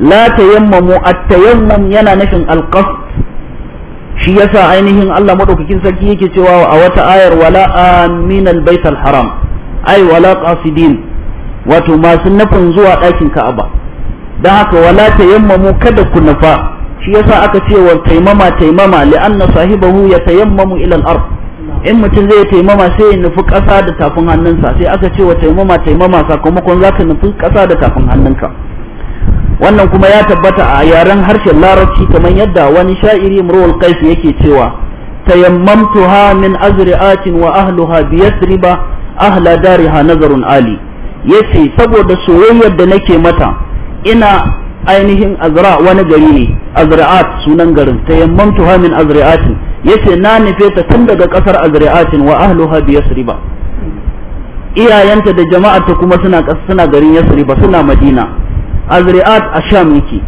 la tayammamu at-tayammum yana nufin alqasd shi yasa ainihin Allah madaukakin sarki yake cewa a wata ayar wala amin al-bait al-haram ai wala qasidin wato masu nufin zuwa ɗakin Ka'aba dan haka wala tayammamu kada ku nufa shi yasa aka ce wa taimama taimama li'anna sahibahu ya tayammamu ila al-ard in mutum zai taimama sai ya nufi ƙasa da tafin hannunsa sai aka ce wa taimama taimama sakamakon za ka nufi kasa da tafin hannunka wannan kuma ya tabbata a yaren harshen larabci kamar yadda wani sha'iri murwal qais yake cewa tayammamtuha min azri'atin wa ahluha bi yasriba ahla dariha nazarun ali yace saboda soyayyar da nake mata ina ainihin azra wani gari ne azra'at sunan garin tayammamtuha min azra'atin yace na nufe ta tun daga kasar azra'atin wa ahluha bi yasriba iyayenta da jama'arta kuma suna suna garin yasriba suna madina azra'at a sham yake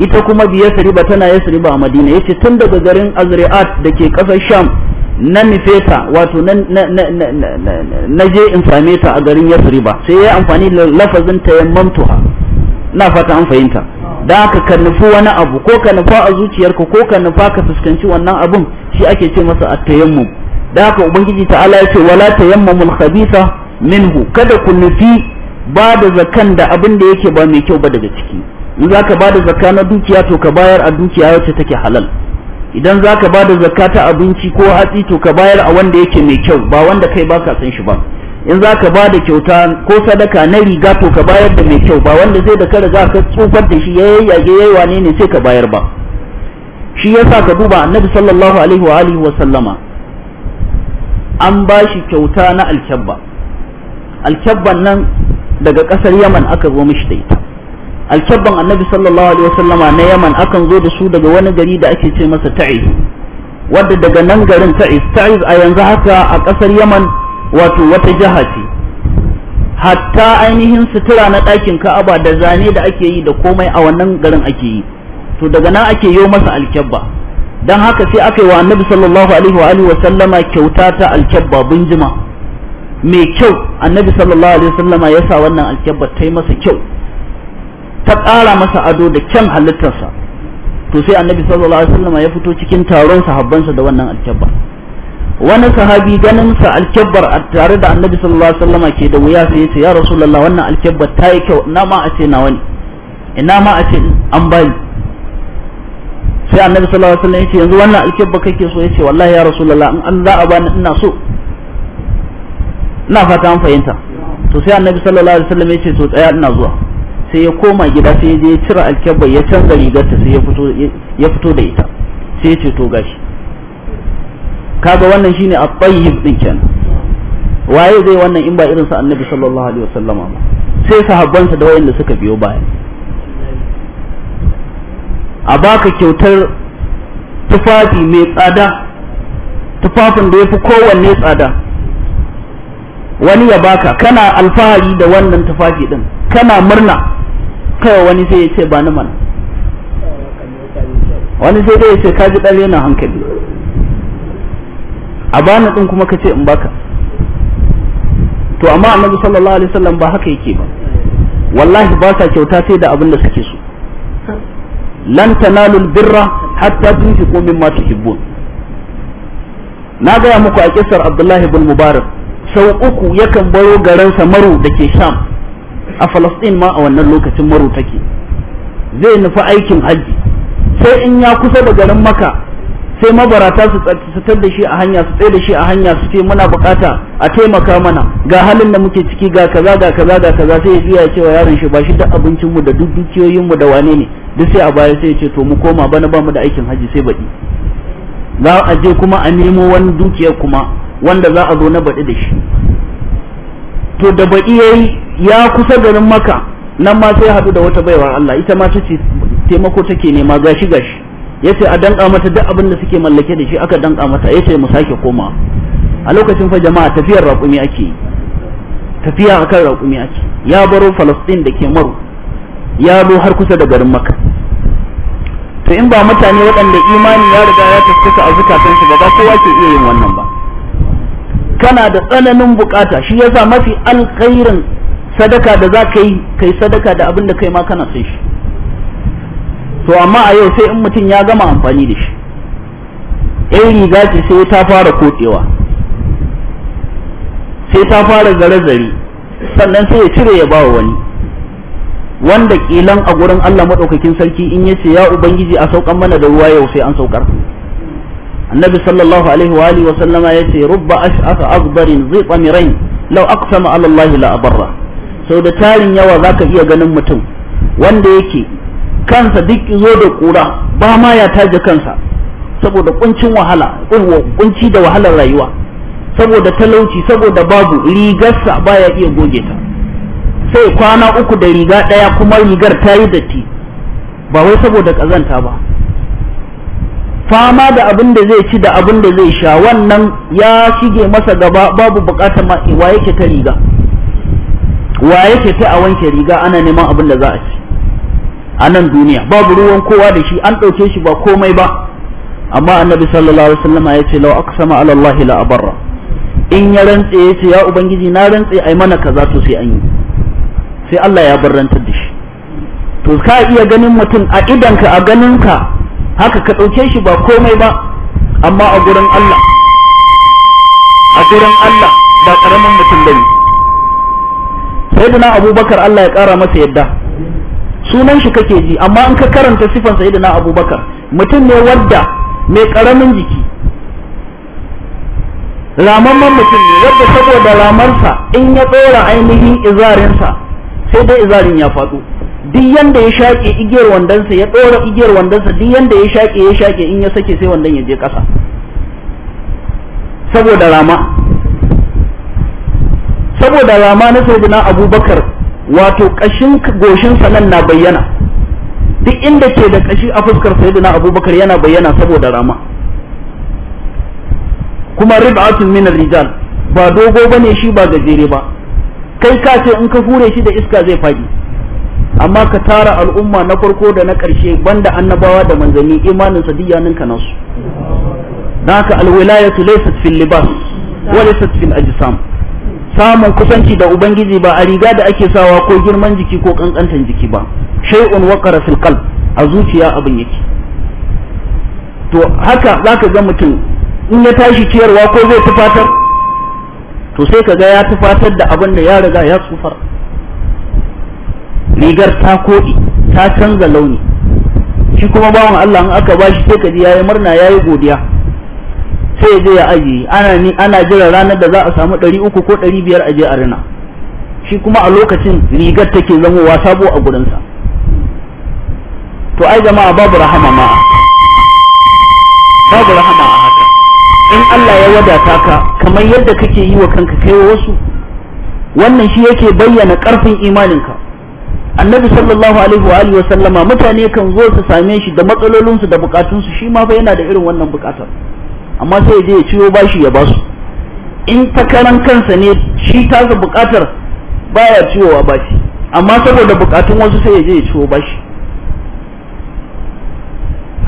ita kuma bi yasriba tana yasriba a madina yace tun daga garin azra'at da ke kasar sham na nufe ta wato na je in same ta a garin yasriba sai ya amfani da lafazin tayammamtuha ina fata an fahimta da ka nufi wani abu ko ka nufa a zuciyarka ko ka nufa ka fuskanci wannan abun shi ake ce masa a tayammum da haka ubangiji ta'ala ya ce wala tayammumul khabitha minhu kada ku nufi ba da zakan da abin da yake ba mai kyau ba daga ciki in zaka ba da zakka na dukiya to ka bayar a dukiya wacce take halal idan zaka ba da zakka ta abinci ko hatsi to ka bayar a wanda yake mai kyau ba wanda kai baka san shi ba in za ka ba da kyauta ko sadaka na riga to ka bayar da mai kyau ba wanda zai da ka za ka tsufar da shi yayi yage yayi wane ne sai ka bayar ba shi yasa ka duba annabi sallallahu alaihi wa alihi wa sallama an ba shi kyauta na alkyabba alkyabban nan daga kasar yaman aka zo mishi da ita alkyabban annabi sallallahu alaihi wa sallama na yaman akan zo da su daga wani gari da ake ce masa ta'iz wadda daga nan garin ta'iz ta'iz a yanzu haka a kasar yaman wato wata jiha ce hatta ainihin sutura na ɗakin ka'aba da zane da ake yi da komai a wannan garin ake yi to daga nan ake yi masa alkyabba don haka sai aka yi wa annabi sallallahu alaihi wa alihi wa sallama kyauta ta alkyabba bunjima mai kyau annabi sallallahu alaihi wa sallama ya sa wannan alkyabba ta yi masa kyau ta ƙara masa ado da kyan halittarsa to sai annabi sallallahu alaihi wa sallama ya fito cikin taron sahabbansa da wannan alkyabba wani sahabi ganin sa a tare da annabi sallallahu alaihi wasallama ke da wuya sai yace ya rasulullah wannan alkebbar ta yi kyau ina ma a ce nawa ne ina ma a ce an bayi sai annabi sallallahu alaihi wasallam yace yanzu wannan alkebba kake so yace wallahi ya rasulullah in an za a bani ina so ina fata an fahimta to sai annabi sallallahu alaihi wasallam yace to tsaya ina zuwa sai ya koma gida sai ya je ya cire alkebba ya canza rigarta sai ya fito ya fito da ita sai ya ce to gashi kaga wannan shine at-tayyib din kenan waye zai wannan in ba irin sa annabi sallallahu alaihi wasallama ba sai sa da wayanda suka biyo baya a baka kyautar tufafi mai tsada tufafin da yafi kowanne tsada wani ya baka kana alfahari da wannan tufafi din kana murna kawai wani sai ya ce ba ni mana wani sai dai ya ce ka ji ɗare na hankali a bani din kuma ka ce in baka to amma annabi sallallahu alaihi wasallam ba haka yake ba wallahi ba sa kyauta sai da abin da suke so lan tanalul birra hatta tunfiqu mimma tuhibbun na gaya muku a kisar abdullahi bin mubarak sau uku yakan baro garinsa maru da ke sham a falastin ma a wannan lokacin maru take zai nufi aikin hajji sai in ya kusa da garin maka sai mabarata su tar da shi a hanya su tsaye da shi a hanya su ce muna bukata a taimaka mana ga halin da muke ciki ga kaza ga kaza ga kaza sai ya tsaya cewa yaron shi ba shi da abincin mu da duk dukiyoyin mu da wane ne duk sai a baya sai ya ce to mu koma bana ba mu da aikin haji sai baki za a je kuma a nemo wani dukiyar kuma wanda za a zo na baɗi da shi to da baɗi yayi ya kusa garin maka nan ma sai ya haɗu da wata baiwa Allah ita ma ta ce taimako take nema gashi gashi yace a danka mata duk abin da suke mallake da shi aka danka mata yace mu sake koma a lokacin fa jama'a tafiyar raƙumi ake yi tafiya akan raƙumi ake ya baro Falastin da ke maru ya zo har kusa da garin maka. to in ba mutane waɗanda imani ya riga ya taskaka a shi ba ba kowa ke iya yin wannan ba kana da tsananin bukata shi yasa mafi alkhairin sadaka da za ka kai sadaka da abin da kai ma kana son shi to amma a yau sai in mutum ya gama amfani da shi in riga ce sai ta fara koɗewa sai ta fara zare-zare sannan sai ya cire ya bawa wani wanda kilan a gurin Allah maɗaukakin sarki in ya ce ya ubangiji a saukan mana da ruwa yau sai an saukar annabi sallallahu alaihi wa alihi wa sallama ya rubba ash'afa akbarin ziqa mirain law aqsama ala Allah la abarra sau da tarin yawa zaka iya ganin mutum wanda yake kansa duk zo da kura ba ma ya taje kansa saboda kuncin wahala kunci da wahalar rayuwa saboda talauci saboda babu rigarsa ba ya iya goge ta sai kwana uku da riga ɗaya kuma rigar ta yi datti ba wai saboda ƙazanta ba fama da abin da zai ci da abin da zai sha wannan ya shige masa gaba babu bukatar ma wa yake ta riga wa yake ta a wanke riga ana neman abin da za a ci a nan duniya babu ruwan kowa da shi an ɗauke shi ba komai ba amma annabi sallallahu alaihi wasallam ya ce law aqsama ala Allah la abarra in ya rantse ya ce ya ubangiji na rantse ai mana kaza to sai an yi sai Allah ya barrantar da shi to ka iya ganin mutum a idanka a ganinka haka ka ɗauke shi ba komai ba amma a gurin Allah a gurin Allah ba ƙaramin mutum bane sayyidina abubakar Allah ya ƙara masa yadda sunan shi kake ji amma in ka karanta sifan na abubakar mutum ne wadda mai karamin jiki ramamman mutum ne wadda saboda ramarsa in ya tsora ainihin izarinsa sai dai izarin ya faɗo duk yanda ya shaƙe igiyar wandonsa ya tsora igiyar wandonsa duk yanda ya shaƙe ya shaƙe in ya sake sai wandan ya je ƙasa saboda rama saboda rama na sayyidina abubakar wato kashin goshinsa nan na bayyana duk inda ke da kashi a fuskar sayyidina abubakar yana bayyana saboda rama kuma rib'atun min rijal ba dogo bane shi ba gajere ba kai ka ce in ka hure shi da iska zai fadi amma ka tara al'umma na farko da na ƙarshe banda annabawa da manzanni imanin sadiyya ninka nasu dan haka alwilayatu laysat fil libas wa laysat fil ajsam samun kusanci da ubangiji ba a riga da ake sawa ko girman jiki ko kankantan jiki ba shay'un waqara fil qalb a zuciya abin yake to haka zaka ga mutum in ya tashi ciyarwa ko zai tufatar to sai kaga ya tufatar da abin da ya riga ya tsufar rigar ta koɗi ta canza launi shi kuma bawan Allah in aka bashi sai kaji yayi murna yayi godiya sai je ya aje ana ni ana jira ranar da za a samu 300 ko 500 a je a rina shi kuma a lokacin rigar take zamowa sabo a gurinsa to ai jama'a babu rahama ma babu rahama a haka in Allah ya wadata ka kamar yadda kake yi wa kanka kai wasu wannan shi yake bayyana karfin imaninka annabi sallallahu alaihi wa alihi wa sallama mutane kan zo su same shi da matsalolinsu da bukatunsu shi ma fa yana da irin wannan bukatar amma sai je ya ciro bashi ya basu in ta karan kansa ne shi tasa bukatar baya ciwowa bashi amma saboda bukatun wasu sai ya je ya ciro bashi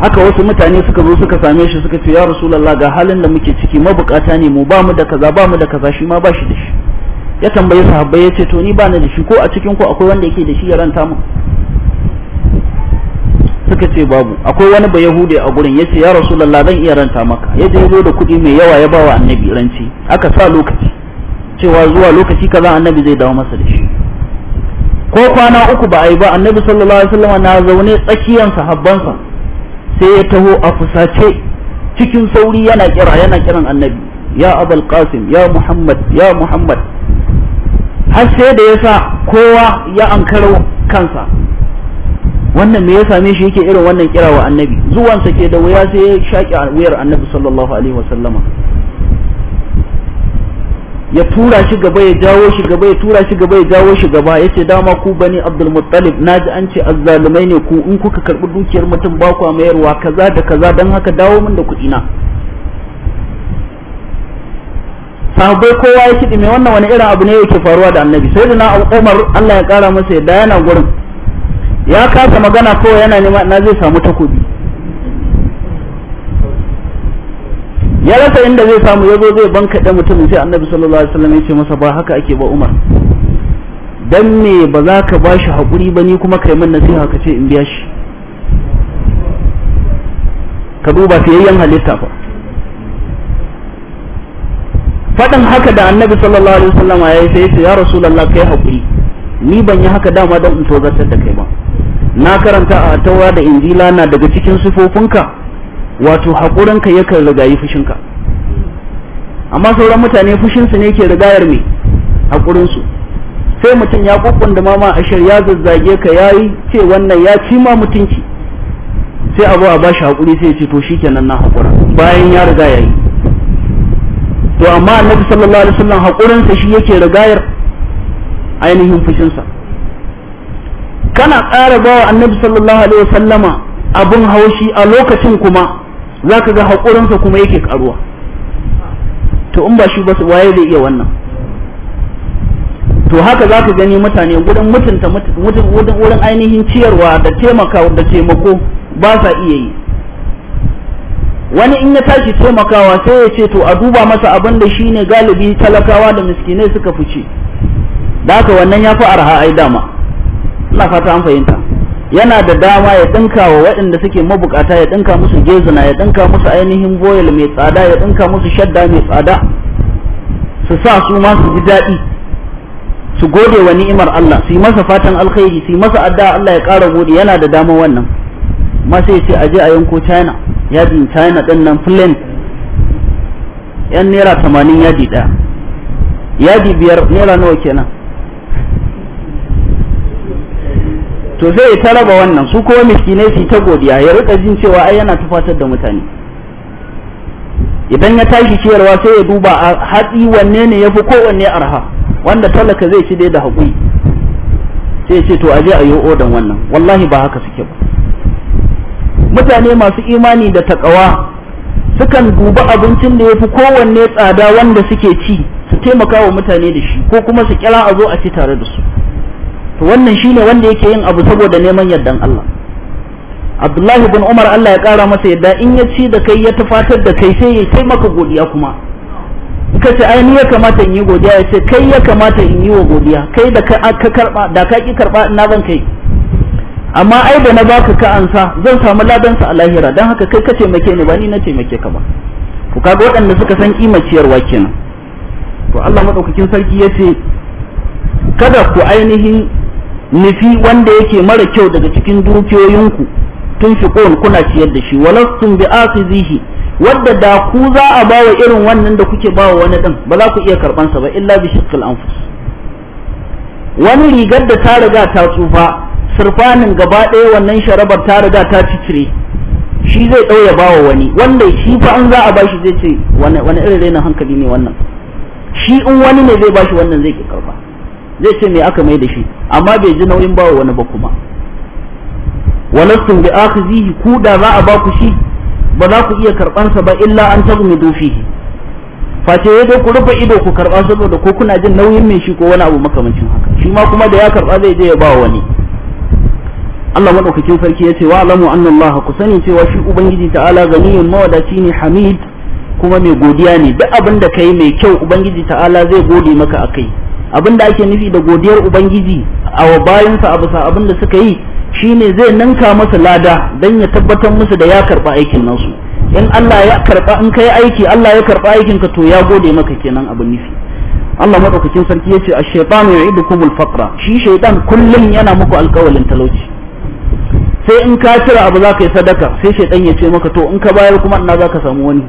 haka wasu mutane suka zo suka same shi suka ce ya rasulullah ga halin da muke ciki mabukata ne mu ba mu da kaza ba mu da kaza shi ma ba shi da shi ya tambayi sahabbai ya ce to ni ba ni da shi ko a cikin ku akwai wanda yake da shi ya ranta mu suka ce babu akwai wani ba yahude a gurin yace ya rasu zan iya ranta maka ya je da kuɗi mai yawa ya bawa annabi ranci aka sa lokaci cewa zuwa lokaci kaza annabi zai dawo masa da shi ko kwana uku ba a yi ba annabi sallallahu alaihi wasallam na zaune tsakiyan sahabbansa sai ya taho a fusace cikin sauri yana kira yana kiran annabi ya abul qasim ya muhammad ya muhammad har sai da ya sa kowa ya ankaro kansa wannan me ya same shi yake irin wannan kira wa annabi sa ke da wuya sai ya shaƙi wuyar annabi sallallahu alaihi wasallama ya tura shi gaba ya jawo shi gaba ya tura shi gaba ya jawo shi gaba ya dama ku bani abdul na ji an ce azzalumai ne ku in kuka karbi dukiyar mutum ba ku mayarwa kaza da kaza dan haka dawo min da na. sahabbai kowa ya kiɗi mai wannan wani irin abu ne yake faruwa da annabi sai da na umar allah ya kara masa yadda yana gurin ya kasa magana ko yana nema na zai samu takobi ya rasa inda zai samu yazo zai bankaɗe mutumin sai annabi sallallahu alaihi wasallam ya ce masa ba haka ake ba Umar dan me ba za ka ba shi haƙuri ba ni kuma kai min nasiha ka ce in biya shi ka duba fiyayyen halitta fa faɗin haka da annabi sallallahu alaihi wasallam ya yi sai ya ce ya rasulullah kai haƙuri ni ban yi haka dama don in tozartar da kai ba na karanta a taura da injila na daga cikin sufofinka wato haƙurinka yakan rigayi fushinka amma sauran mutane fushinsu ne ke rigayar mai haƙurinsu sai mutum ya da mama ashir ya zazzage ka ya yi ce wannan ya ci ma mutunci sai abu a bashi haƙuri sai ce to shi kenan na haƙura bayan ya riga ya yi to amma annabi sallallahu alaihi wasallam haƙurinsa shi yake rigayar ainihin fushinsa kana ƙara bawa annabi sallallahu alaihi wasallama abun haushi a lokacin kuma zaka ga haƙurinsa kuma yake ƙaruwa to in ba shi ba waye zai iya wannan to haka za ka gani mutane gudun mutunta wurin ainihin ciyarwa da taimaka da taimako ba sa iya yi wani in ya tashi taimakawa sai ya ce to a duba masa abin da shi ne galibi talakawa da miskinai suka fice da haka wannan ya fi arha ai dama Allah fata an fahimta yana da dama ya dinka wa waɗanda suke mabukata ya dinka musu gezina ya dinka musu ainihin boyel mai tsada ya dinka musu shadda mai tsada su sa su ma su ji daɗi su gode wa ni'imar Allah su yi masa fatan alkhairi su yi masa addu'a Allah ya ƙara gode yana da dama wannan ma sai ce aje a yanko China yadin China din nan plain yan naira 80 yadi ɗaya yadi biyar naira nawa kenan to zai yi raba wannan su kowa miskinai su ta godiya ya rika jin cewa ai yana tufatar da mutane idan ya tashi ciyarwa sai ya duba a hatsi wanne ne ya fi kowanne arha wanda talaka zai ci dai da haƙuri sai ya ce to aje a yi odan wannan wallahi ba haka suke ba mutane masu imani da takawa sukan duba abincin da ya fi kowanne tsada wanda suke ci su taimaka wa mutane da shi ko kuma su kira a zo a ci tare da su to wannan shine wanda yake yin abu saboda neman yardan Allah Abdullahi bin Umar Allah ya kara masa yadda in ya ci da kai ya tafatar da kai sai ya kai maka godiya kuma ka ce ai ni ya kamata in yi godiya ya ce kai ya kamata in yi wa godiya kai da ka karba da ka ki karba ina zan kai amma ai da na baka ka ansa zan samu ladan sa a lahira dan haka kai ka taimake ni ba ni na taimake ka ba ko kaga waɗanda suka san kimar ciyarwa kenan to Allah madaukakin sarki yace kada ku ainihin nufi wanda yake mara kyau daga cikin dukiyoyinku tun fi kuna ciyar da shi walastun bi asizihi wadda da ku za a ba wa irin wannan da kuke ba wa wani ɗin ba za ku iya karɓansa ba illa bi shiqqil anfus wani rigar da ta riga ta tsufa surfanin gaba ɗaya wannan sharabar ta riga ta cicire shi zai ɗauya ba wa wani wanda shi fa an za a ba shi zai ce wani irin rainin hankali ne wannan shi in wani ne zai ba shi wannan zai ke karɓa zai ce me aka mai da shi amma bai ji nauyin bawa wani ba kuma walastun bi akhizihi ku da za a ba ku shi ba za ku iya karban sa ba illa an tagmidu fihi face zo ku rufe ido ku karba saboda ko kuna jin nauyin mai shi ko wani abu makamancin haka shi ma kuma da ya karba zai je ya ba wani Allah madaukakin sarki ya ce wa alamu anna ku sani cewa shi ubangiji ta'ala ganiyun mawadaci ne hamid kuma mai godiya ne duk abin da kai mai kyau ubangiji ta'ala zai gode maka akai abin da ake nufi da godiyar ubangiji a wa bayansa a bisa abin da suka yi shine zai ninka masa lada don ya tabbatar musu da ya karɓa aikin nasu in Allah ya karɓa in kai aiki Allah ya karɓa aikin ka to ya gode maka kenan abin nufi Allah madaukakin sarki yace ash-shaytanu ya'idukumul faqra shi shaytan kullum yana muku alƙawalin talauci sai in ka cire abu za ka yi sadaka sai shaidan ya ce maka to in ka bayar kuma ina za ka samu wani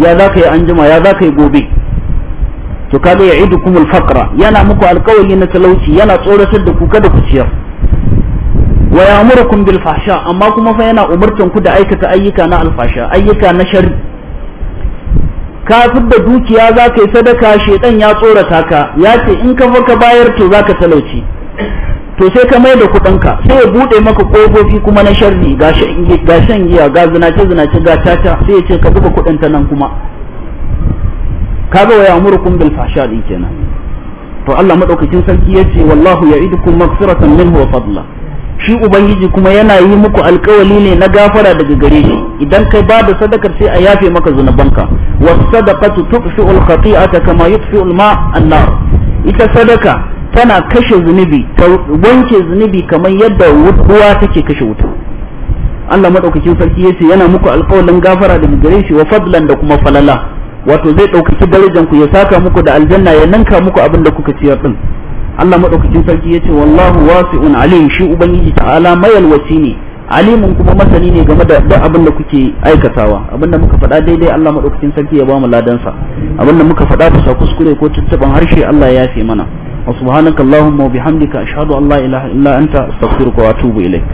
ya za ka yi anjima ya za ka yi gobe to kaga idu kumul fakra yana muku alƙawari na talauci yana tsoratar da ku kada ku ciyar wa ya'murukum bil fahsha amma kuma fa yana umurtan ku da aikata ayyuka na alfasha ayyuka na shari ka da dukiya za ka yi sadaka shedan ya tsorata ka ya ce in ka fa ka bayar to za ka talauci to sai ka mai da kuɗinka sai ya buɗe maka ƙofofi kuma na sharri ga shan giya ga zinace zinace ga tata sai ya ce ka buga kuɗin ta nan kuma kaga wa ya'murukum bil fahsha din kenan to Allah madaukakin sarki yace wallahu ya'idukum maghfiratan minhu wa fadla shi ubangiji kuma yana yi muku alkawali ne na gafara daga gare shi idan kai ba da sadakar sai a yafe maka zunubanka wasadaqatu tudfi'u al-khati'ata kama yudfi'u al-ma' an-nar ita sadaka tana kashe zunubi ta wanke zunubi kamar yadda ruwa take kashe wuta Allah madaukakin sarki yace yana muku alkawalin gafara daga gare shi wa fadlan da kuma falala wato zai ɗaukaki darajan ku ya saka muku da aljanna ya nanka muku abin da kuka ciyar din Allah madaukakin sarki yace wallahu wasi'un alim shi ubangiji ta'ala mayalwaci ne alimin kuma masani ne game da duk abin da kuke aikatawa abin da muka faɗa daidai Allah madaukakin sarki ya bamu ladansa abin da muka faɗa kusa kuskure ko tuntuban harshe Allah ya fi mana wa subhanakallahumma wa bihamdika ashhadu an la ilaha illa anta astaghfiruka wa atubu ilaik